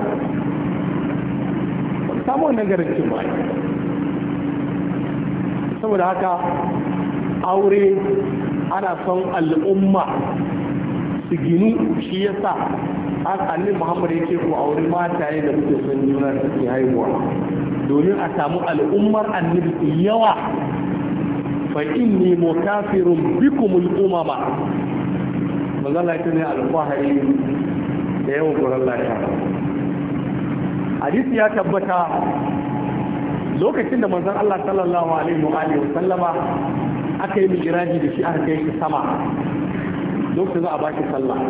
A: samu wannan garanti ba saboda haka aure ana son al'umma su ginu shi yasa an Muhammadu Muhammad ce ku aure yi da suke son juna da suke haihuwa domin a samu al'ummar annabi yawa fa inni mukafirun bikum al-umama manzala ita ne alfahari da yawan ƙuran lafiya hadisi ya tabbata lokacin da manzon Allah sallallahu alaihi wa alihi sallama aka yi mijiraji da shi aka kai shi sama lokacin za a baki sallah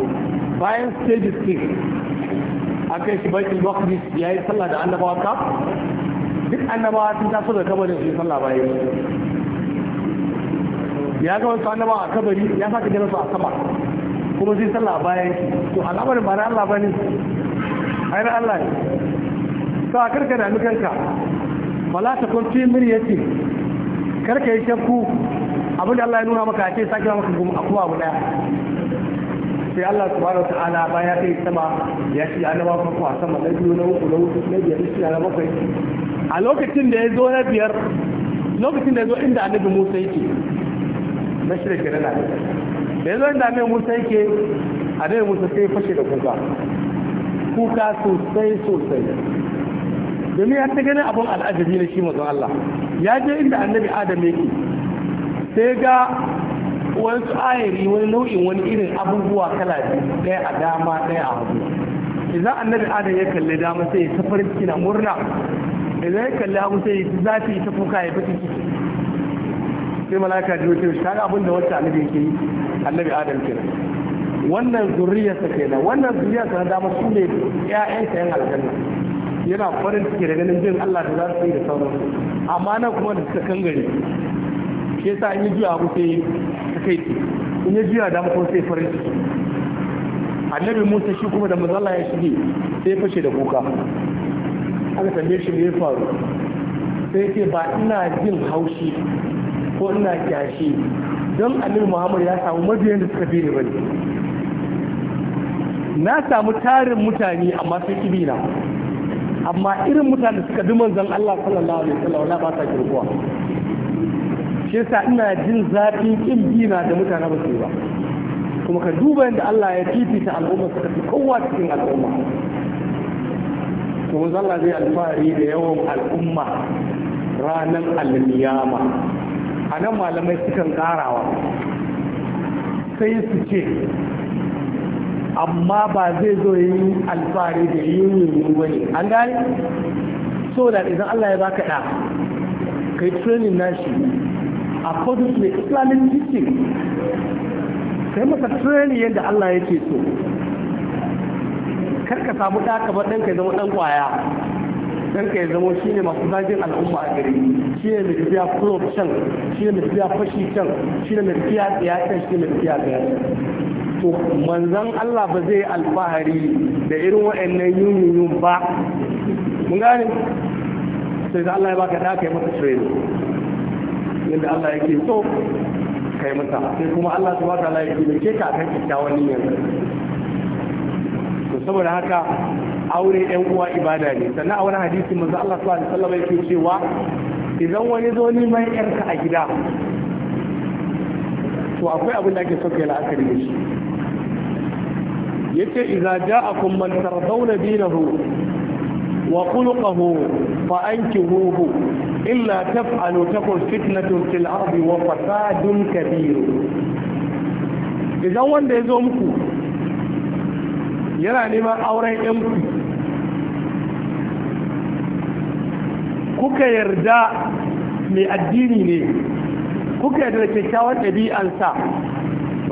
A: bayan stages 6 aka yi shi baki maqdis ya yi sallah da annabawa ka duk annabawa sun taso da kabarin su yi sallah bayan ya ga wasu annabawa a kabari ya ka jiransu a sama kuma sun sallah bayan to al'amarin ba na Allah ba ne ai na Allah ne a karka da nukanka fala ta kun fi miryatin karka yi shakku abin da Allah ya nuna maka ce sake maka kuma abu daya sai Allah subhanahu wataala bayan ya kai sama ya ci annabawa farko a sama na biyu na uku na uku na biyar na bakwai a lokacin da ya zo na biyar lokacin da ya zo inda annabi musa yake na shirya ke nana da ya zo inda annabi musa yake annabi musa sai fashe da kuka kuka sosai sosai domin ya ta ganin abin al'ajabi na shi mazan Allah ya je inda annabi adam yake sai ga wani tsayiri wani nau'in wani irin abubuwa kala biyu ɗaya a dama ɗaya a hagu idan annabi adam ya kalli dama sai ya ta farin na murna idan ya kalli Abu sai za ta yi ta kuka ya fi ciki sai malaka ji wuce ta ga abin da wacce annabi yake yi annabi adam kenan wannan zuriyarsa kenan wannan zuriyarsa na dama su ne ƴaƴansa yan aljanna yana farin ciki da ganin jin Allah da za su yi da sauransu amma nan kuma da suka kangare shi yasa in yi juya Abu sai ta kai in yi juya dama kuma sai farin ciki annabi Musa shi kuma da mazalla ya shige sai fashe da kuka aka tambaye shi me ya faru sai ce ba ina jin haushi ko ina kyashi don annabi muhammad ya samu mabiyan da suka fi ni bane na samu tarin mutane amma sai kibina amma irin mutane da suka bi manzon Allah sallallahu alaihi wasallam wala ba sa kirkuwa shi yasa ina jin zafi ƙin bina da mutane ba su ba kuma ka duba yadda Allah ya fifita al'umma suka fi kowa cikin al'umma to zalla zai alfahari da yawan al'umma ranar almiyama a nan malamai sukan karawa sai su ce amma ba zai zo yi alfahari da yin wani an gani so da idan Allah ya baka da kai training nashi su ne islamic teaching kai masa training yadda Allah yake so karka samu ɗa kamar ɗanka ya zama ɗan ƙwaya ɗanka ya zama shi ne masu zagin al'umma a gari shi ne mai tafiya kuro can shi ne mai tafiya fashi can shi ne mai tafiya tsaya can shi ne mai tafiya tsaya to manzan Allah ba zai alfahari da irin waɗannan yunyun ba mun gane sai da Allah ya baka da kai masa training yadda Allah yake so kai masa sai kuma Allah subhanahu wa ta'ala ya ke ka kan kyakkyawan niyyar saboda haka aure yan uwa ibada ne sannan a wani hadisi manzo Allah sallallahu alaihi wasallam yake cewa idan wani zo neman yarka a gida to akwai abin da ake so kai la'akari da shi yace idza ja'akum man tardawna dinahu wa khuluquhu fa ankihuhu illa taf'alu takun fitnatun fil ardi wa fasadun kabir idan wanda ya zo muku yana neman auren yanku kuka yarda mai addini ne kuka yarda da kyakkyawan ɗabi'ansa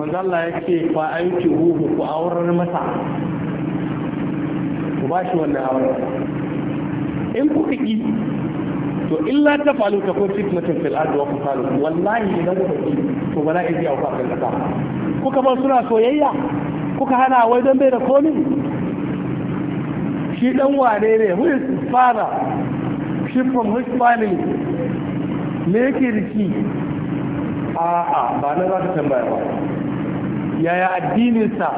A: manzo Allah ya ce fa aiki ruhu ku aurar masa ku ba shi wannan auren in kuka ki to illa ta falu ta kun fitnatin fil ard wa fasalu wallahi idan kuka ki to bala'i zai auka kan kasa kuka ba suna soyayya kuka hana wai don bai da komi shi dan wane ne who is his father shi from which family me yake riki a a ba na za ka tambaya ba yaya addininsa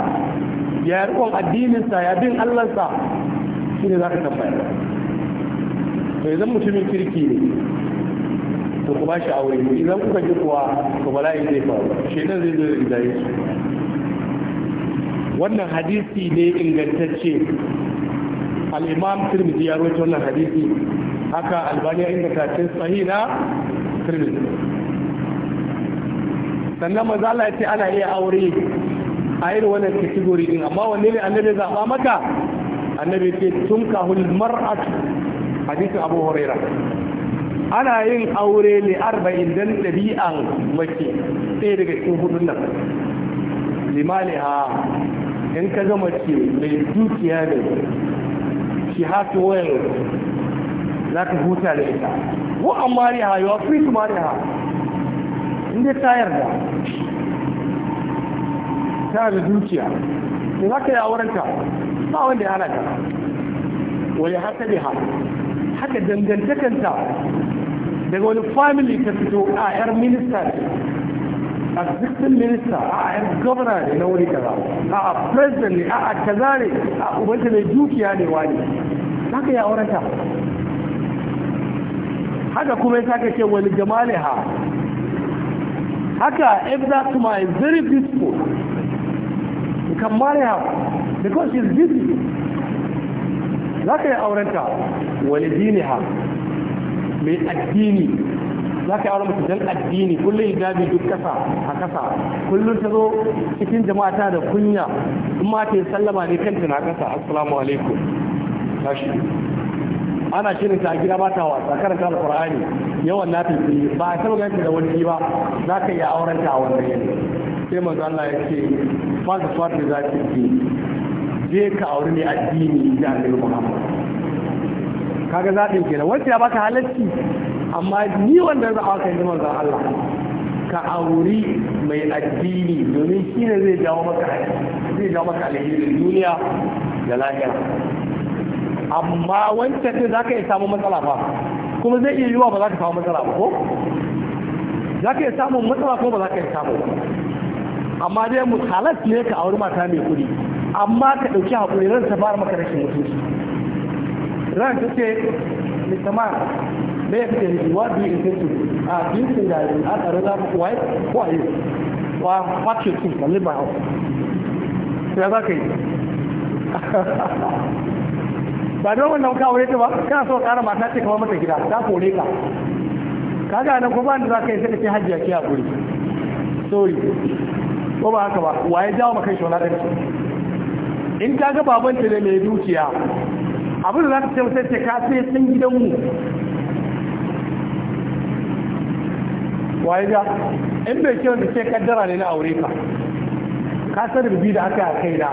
A: ya rikon addininsa ya bin allansa shi ne za ka tambaya ba to idan mutumin kirki ne to ku ba shi aure idan kuka ji kuwa to bala'i zai faru shedan zai zo da idaye su wannan hadisi ne ingantacce al-imam tirmidhi ya rawaito wannan hadisi haka albani ya inganta cikin sahiha tirmidhi sannan maza Allah ya ce ana iya aure a irin wannan category din amma wanne ne annabi zaba maka annabi ce tunkahul mar'at hadisi abu huraira ana yin aure ne arba'in dan ɗabi'an mace ɗaya daga cikin hudun nan limaliha in ka gama ce mai dukiya ne she has to well za ka huta da ita wa an mari ha yawa fi su mari ha inda ta yarda ta da dukiya ne za ka yi aurenta ba wanda ya hana wani haka ne ha haka dangantakanta daga wani family ta fito a 'yar minista ne. assistant minister a a governor ne na wuri kaza a a president ne a a kaza ne a ubanta mai dukiya ne wani haka ya aurata haka kuma ya saka ce wani jamali ha haka if that woman is very beautiful you can marry her because she is za ka yi aurenta wani dini ha mai addini za ka yi aure mace dan addini kullum gabi duk kasa a kasa kullum ta zo cikin jama'a ta da kunya in ma ta yi sallama ne kanta na kasa assalamu alaikum tashi ana shirin ta gida ba ta wasa karanta Alƙur'ani. yawan nafi ba ta ga da wani ba za ka yi auren ta a wannan yanzu sai manzo Allah ya ce ba ta fa ta za je ka aure ne addini da Annabi Muhammad kaga zaɓin kenan wanda ya baka halarci? amma ni wanda za a kai neman zan Allah ka auri mai addini domin shi ne zai jawo maka zai jawo maka alherin duniya da lahira amma wancan ce za ka iya samun matsala ba kuma zai iya yiwa ba za ka samu matsala ba ko za ka iya samun matsala ko ba za ka iya samu ba amma dai mu ne ka auri mata mai kuɗi amma ka ɗauki haƙuri ransa ba fara maka rashin mutunci ran ta ce mai may extend what do you intend to do? Uh, do you think that you have another wife? Who are you? Or what you think? I leave my house. Ya za ka yi. Ba don wannan ka aure ta ba, kana so ƙara mata ce kamar mata gida, ta kore ka. Ka ga nan kuma ni za ka yi sai ka ce hajjiya ke haƙuri. Sorry. Ko ba haka ba, waye jawo maka shi wani In ka ga babanta ne mai dukiya, abin da za ka ce sai ce ka sai sun mu. waye ga in bai kyau da ke kaddara ne na aure ka ka san rubi da aka a kai na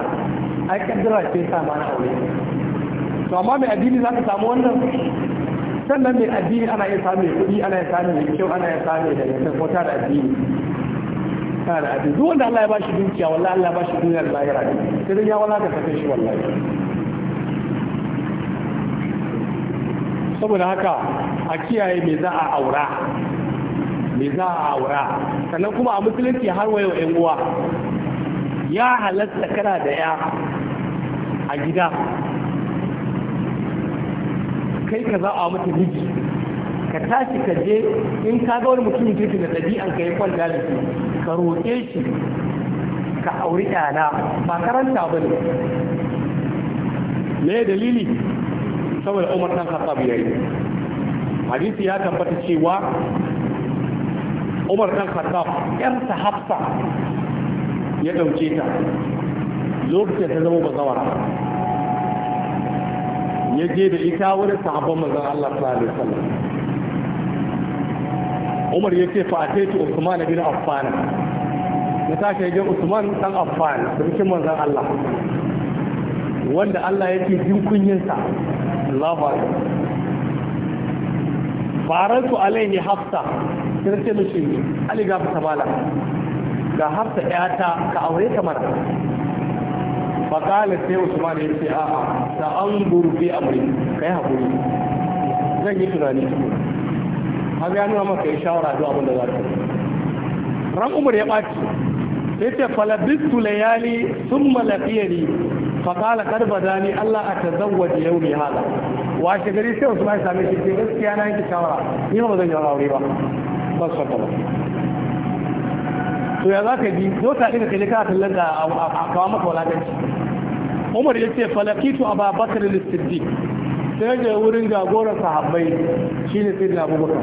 A: ai kaddara ce sa ma na aure to amma mai addini za ka samu wannan sannan mai addini ana iya ne kuɗi ana iya samu mai kyau ana iya ne da yanzu ko da addini tana da addini duk wanda Allah ya bashi dukiya wallahi Allah ya bashi duniya da lahira sai dai ya wala ka tafi shi wallahi saboda haka a kiyaye me za a aura me za a aura sannan kuma a musulunci har wayo yan uwa ya halatta kana da ya a gida kai ka za a mata miji ka tashi ka je in ka ga wani mutum jirgin da ɗabi'an ka yi kwan da ka roƙe shi ka auri ɗana ba karanta ba ne me dalili saboda umar ɗan khattab yayi hadisi ya tabbata cewa umar dan khattab yarsa hafsa ya dauke ta lokacin ta zama bazawara ya je da ita wani sahabban manzon Allah sallallahu alaihi wasallam Umar ya ce fa ataitu Usman bin Affan ya tashi ya Usman dan Affan sarkin manzon Allah wanda Allah ya ce jin kunyinsa sa Allahu akbar faratu alaihi hafsa sai mace ce mishi aliga ta bala ga hafta ta ka aure ta mara faƙalar sai usman ya ce a'a ta an a amri ka yi haƙuri zan yi tunani cikin har ya nuna maka yi shawara zuwa abin da za ta ran umar ya ɓaci sai ce falabistu layali sun malafiyari faƙala karba dani allah a ta zawwaje yau ne hala washe gari sai usman ya same shi ce gaskiya na yanke shawara ni ba zan yi aure ba ba su ba to ya za ka bi mota ɗin ka kaje ka kallon da a kawo maka wulaganci umar ya ce falakitu a babakar lissiddi sai da wurin jagoran sahabbai shi ne sai da abubakar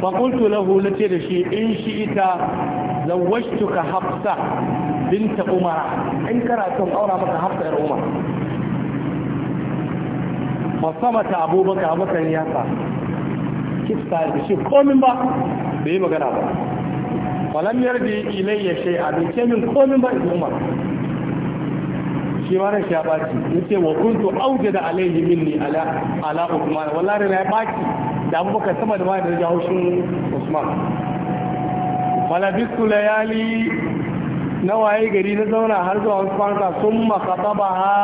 A: fakultu lahu na ce da shi in shi ita zawashtuka hafsa binta Umar, in kana son aura maka hafsa yar umar fasamata abubakar abubakar ya sa kista da shi komin ba bai yi magana ba falam yardi ilayya shay'a bai ce min komin ba ibn umar shi ma shi ya baki yace wa kuntu awjada alayhi minni ala ala usman wallahi na ya baki da abubakar sama da ma da jawo Usman. usman falabistu layali na waye gari na zauna har zuwa wasu kwanza sun makasaba ha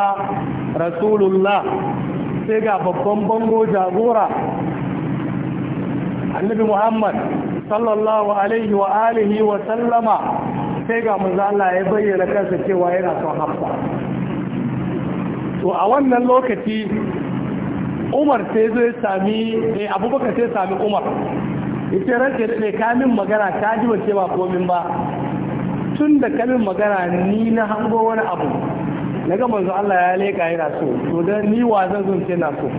A: rasulullah sai ga babban bango jagora annabi muhammad sallallahu alaihi wa alihi wa sallama sai ga manzo Allah ya bayyana kansa cewa yana son hafsa to a wannan lokaci umar sai zai sami eh abubakar sai sami umar ita ranke da ne kamin magana ta ji wace ba komin ba tun da kamin magana ni na hango wani abu na ga manzo Allah ya leka yana so to dan ni wa zan zo na so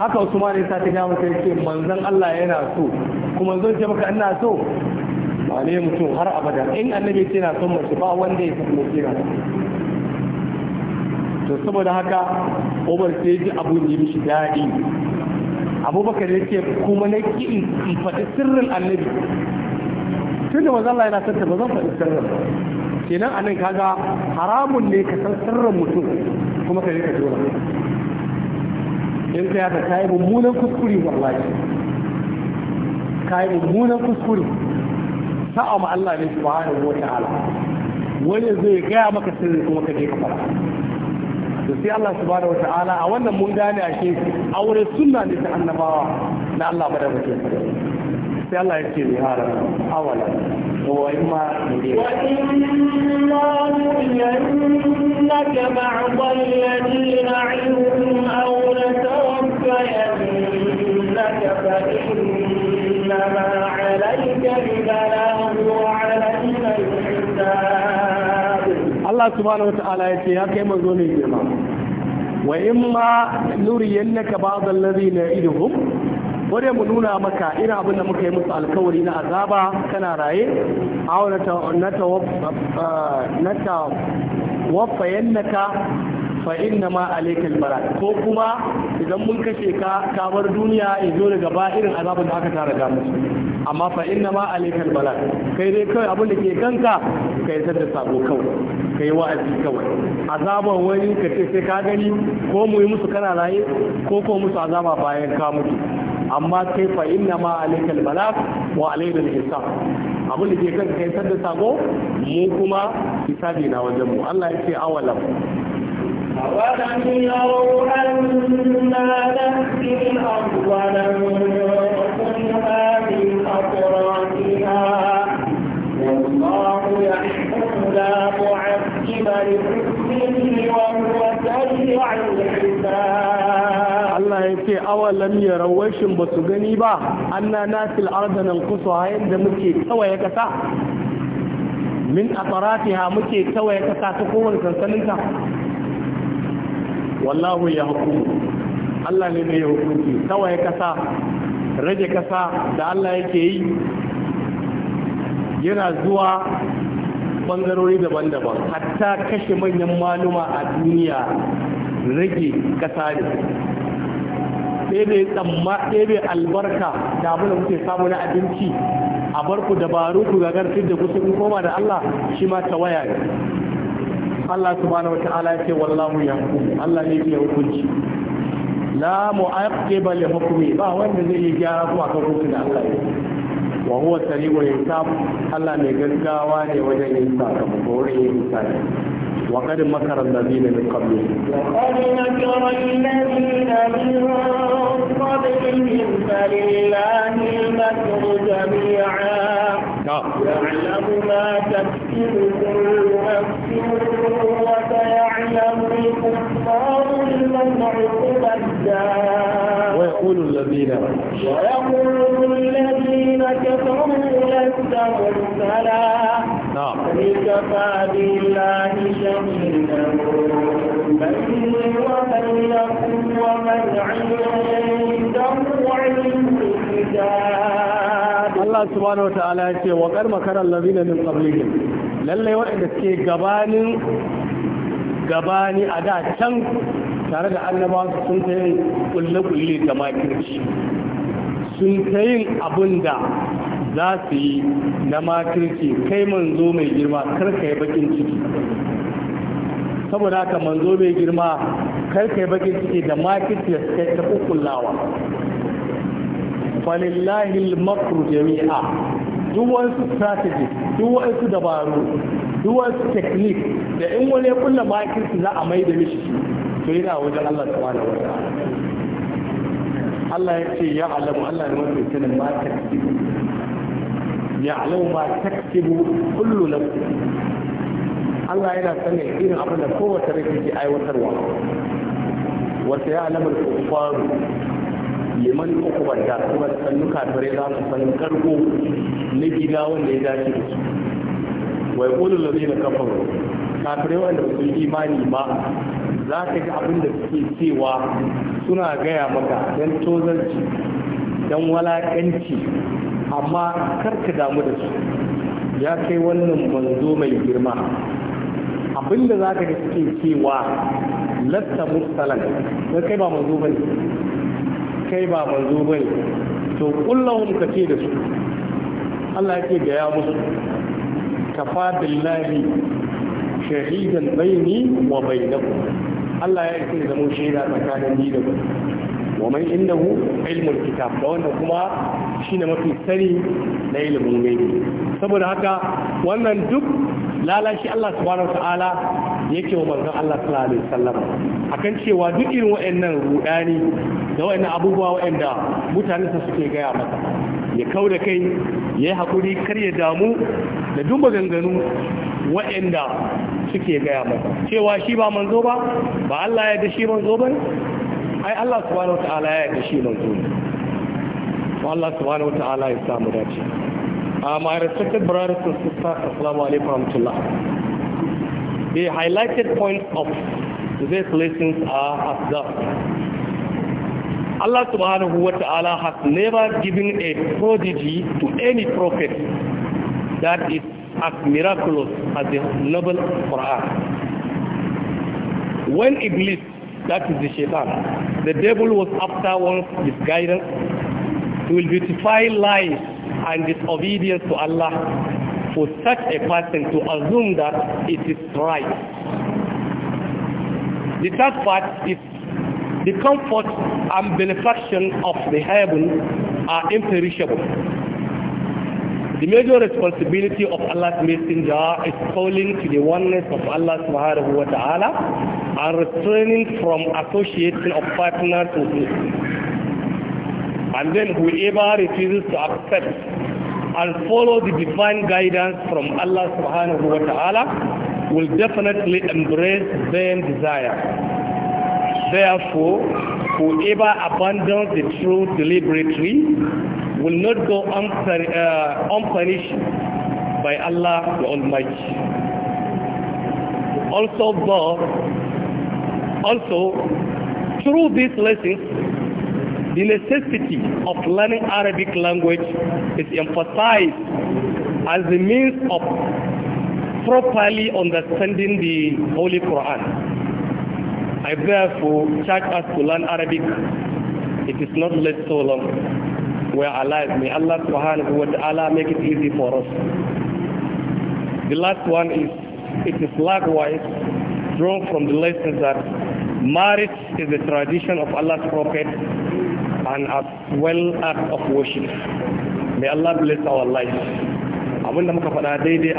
A: haka usman ya ta ga masa yake manzon Allah yana so kuma zan ce maka ina so ba ne mutum har abada in annabi ce na son mace ba wanda ya san mace ga to saboda haka Umar sai ji abu yi mishi daɗi Abubakar ya ce kuma na ki in faɗi sirrin annabi tun da Allah yana ta ba zan faɗi sirrin kenan anan kaga haramun ne ka san sirrin mutum kuma ka je ka jona in ka yaka yi mummunan kuskure wallahi yi mummunan kuskure sa'a amma Allah ne subhanahu wa ta'ala wani zai gaya maka sirri kuma ka je ka fara to sai Allah subhanahu wa ta'ala a wannan mun gane ashe aure sunna ne ta annabawa na Allah madaukakin sarki sai Allah ya ce bihara awala wa
B: in ma nuriya wa in ma nuriyannaka ba'd alladhina 'indahum aw natawaffayannaka fa innama 'alayka al-balaghu 'alayna al-hisab
A: Allah subhanahu wa ta'ala ya ce ya kai manzo ne wa in ma nuriyannaka ba'd alladhina 'indahum bare mu nuna maka irin abin da muka yi musu alkawari na azaba kana raye a na ta yannaka fa inna ma alaikal barat ko kuma idan mun kashe ka kamar duniya ya zo daga ba irin azabin da aka tara ga musu amma fa inna ma alaikal balat kai dai kawai abin da ke kanka ka yi da sako kawai ka yi wa'azi kawai azaban wani ka ce sai ka gani ko mu yi musu kana raye ko ko musu azaba bayan ka mutu amma kai fa inna ma alaikal balagh wa alaina hisab abin da ke kan kai sadda sako mu kuma hisabi na wajen mu Allah ya ce awalam
B: أولم يروا أنا نأتي الأرض ننقلها لا معقب لحكمه وهو سريع الحساب
A: Allah ya ce awalam ya rawashin ba su gani ba anna nasil arda kusa kusa yadda muke tawaye kasa min ha muke tawaye kasa ta kowane sansaninta wallahu ya hukumu Allah ne mai hukunci tawaye kasa rage kasa da Allah yake yi yana zuwa bangarori daban-daban hatta kashe manyan maluma a duniya rage kasa ne ɗebe tsamma ɗebe albarka da abin da kuke samu na abinci a bar ku dabaru ku gagar da ku in koma da Allah shi ma ta waya ne Allah subhanahu wata'ala ya ce wallahu ya Allah ne ke hukunci la mu'aqiba li hukmi ba wanda zai yi gyara kuma kan da Allah ya wa huwa sari'ul hisab Allah mai gaggawa ne wajen yin sakamako wurin yin sakamako وقد مكر الذين من قبلهم
B: وقد مكر الذين من قبلهم فلله المكر جميعا آه. يعلم ما تكسب كل نفس وسيعلم الكفار المنعقب الدار ويقول الذين ويقول الذين الذين كفروا لست مرسلا فلك فبالله شهيدا من ومن يقوم ومن عنده علم
A: Allah subhanahu wa ta'ala ya ce wa kar makaran lazina min qablihim lalle suke gabani a da can tare da annabawa sun tayi kullu kullu da makirci sun ta yin abin da za su yi na makirci kai manzo mai girma karka yi bakin ciki saboda ka manzo mai girma karka yi bakin ciki da makirci da suka yi ta kukullawa falillahi makru jami'a duk wasu strategy duk wasu dabaru duk wasu technique da in wani ya kulla makirci za a mai da mishi to yana wajen Allah ta wa wata. Allah ya ce ya alamu Allah ne wanda ya sanin ma taktibu ya alamu ma taktibu kullu nafsi Allah yana sanin irin abin da kowace rai take aiwatarwa wata ya da kufaru liman uku da kuma sannu kafirai za su san karko na gida wanda ya dace da su wai kullu na kafaru kafirai wanda su yi imani ba za ka ga abin da suke cewa suna gaya maka don tozarci don walakanci amma karka damu da su ya kai wannan manzo mai girma abin da za ka ga suke cewa lasta mursalan don kai ba manzo bane kai ba manzo bane to ƙulla ka ce da su Allah ya ce ga ya musu kafa billahi shahidan baini wa bainakum Allah ya isa zama shaida tsakanin ni da ku wa man indahu ilmul kitab da wannan kuma shine mafi sani na ilimin gaibi saboda haka wannan duk lalashi Allah subhanahu ta'ala yake wa manzon Allah sallallahu alaihi wasallam akan cewa duk irin waɗannan rudani da waɗannan abubuwa waɗanda mutane su suke gaya masa ya kau da kai ya yi hakuri, kar ya damu da duk ganganu waɗanda suke gaya masa cewa shi ba manzo ba ba Allah ya da shi manzo ba ai Allah subhanahu wataala ya da shi manzo ne Allah subhanahu wataala ya samu dace uh, my respected brothers and sisters assalamu alaikum warahmatullah the highlighted points of this lessons are as the Allah subhanahu wataala has never given a prodigy to any prophet that is as miraculous as the novel Quran. When Iblis, that is the Shaitan, the devil was afterwards misguided, he will beautify lies and disobedience to Allah for such a person to assume that it is right. The third part is the comfort and benefaction of the heaven are imperishable. The major responsibility of Allah's Messenger is calling to the oneness of Allah subhanahu wa ta'ala and returning from association of partners with him. And then whoever refuses to accept and follow the divine guidance from Allah subhanahu wa ta'ala will definitely embrace their desire. Therefore, whoever abandons the truth deliberately will not go uh, unpunished by Allah the Almighty. Also, God, also through these lessons, the necessity of learning Arabic language is emphasized as a means of properly understanding the Holy Quran. I therefore charge us to learn Arabic. It is not less so long. were alive. May Allah subhanahu wa ta'ala make it easy for us. The last one is, it is likewise drawn from the lesson that marriage is a tradition of Allah's Prophet and as
B: well act of worship. May Allah bless our lives. Abin muka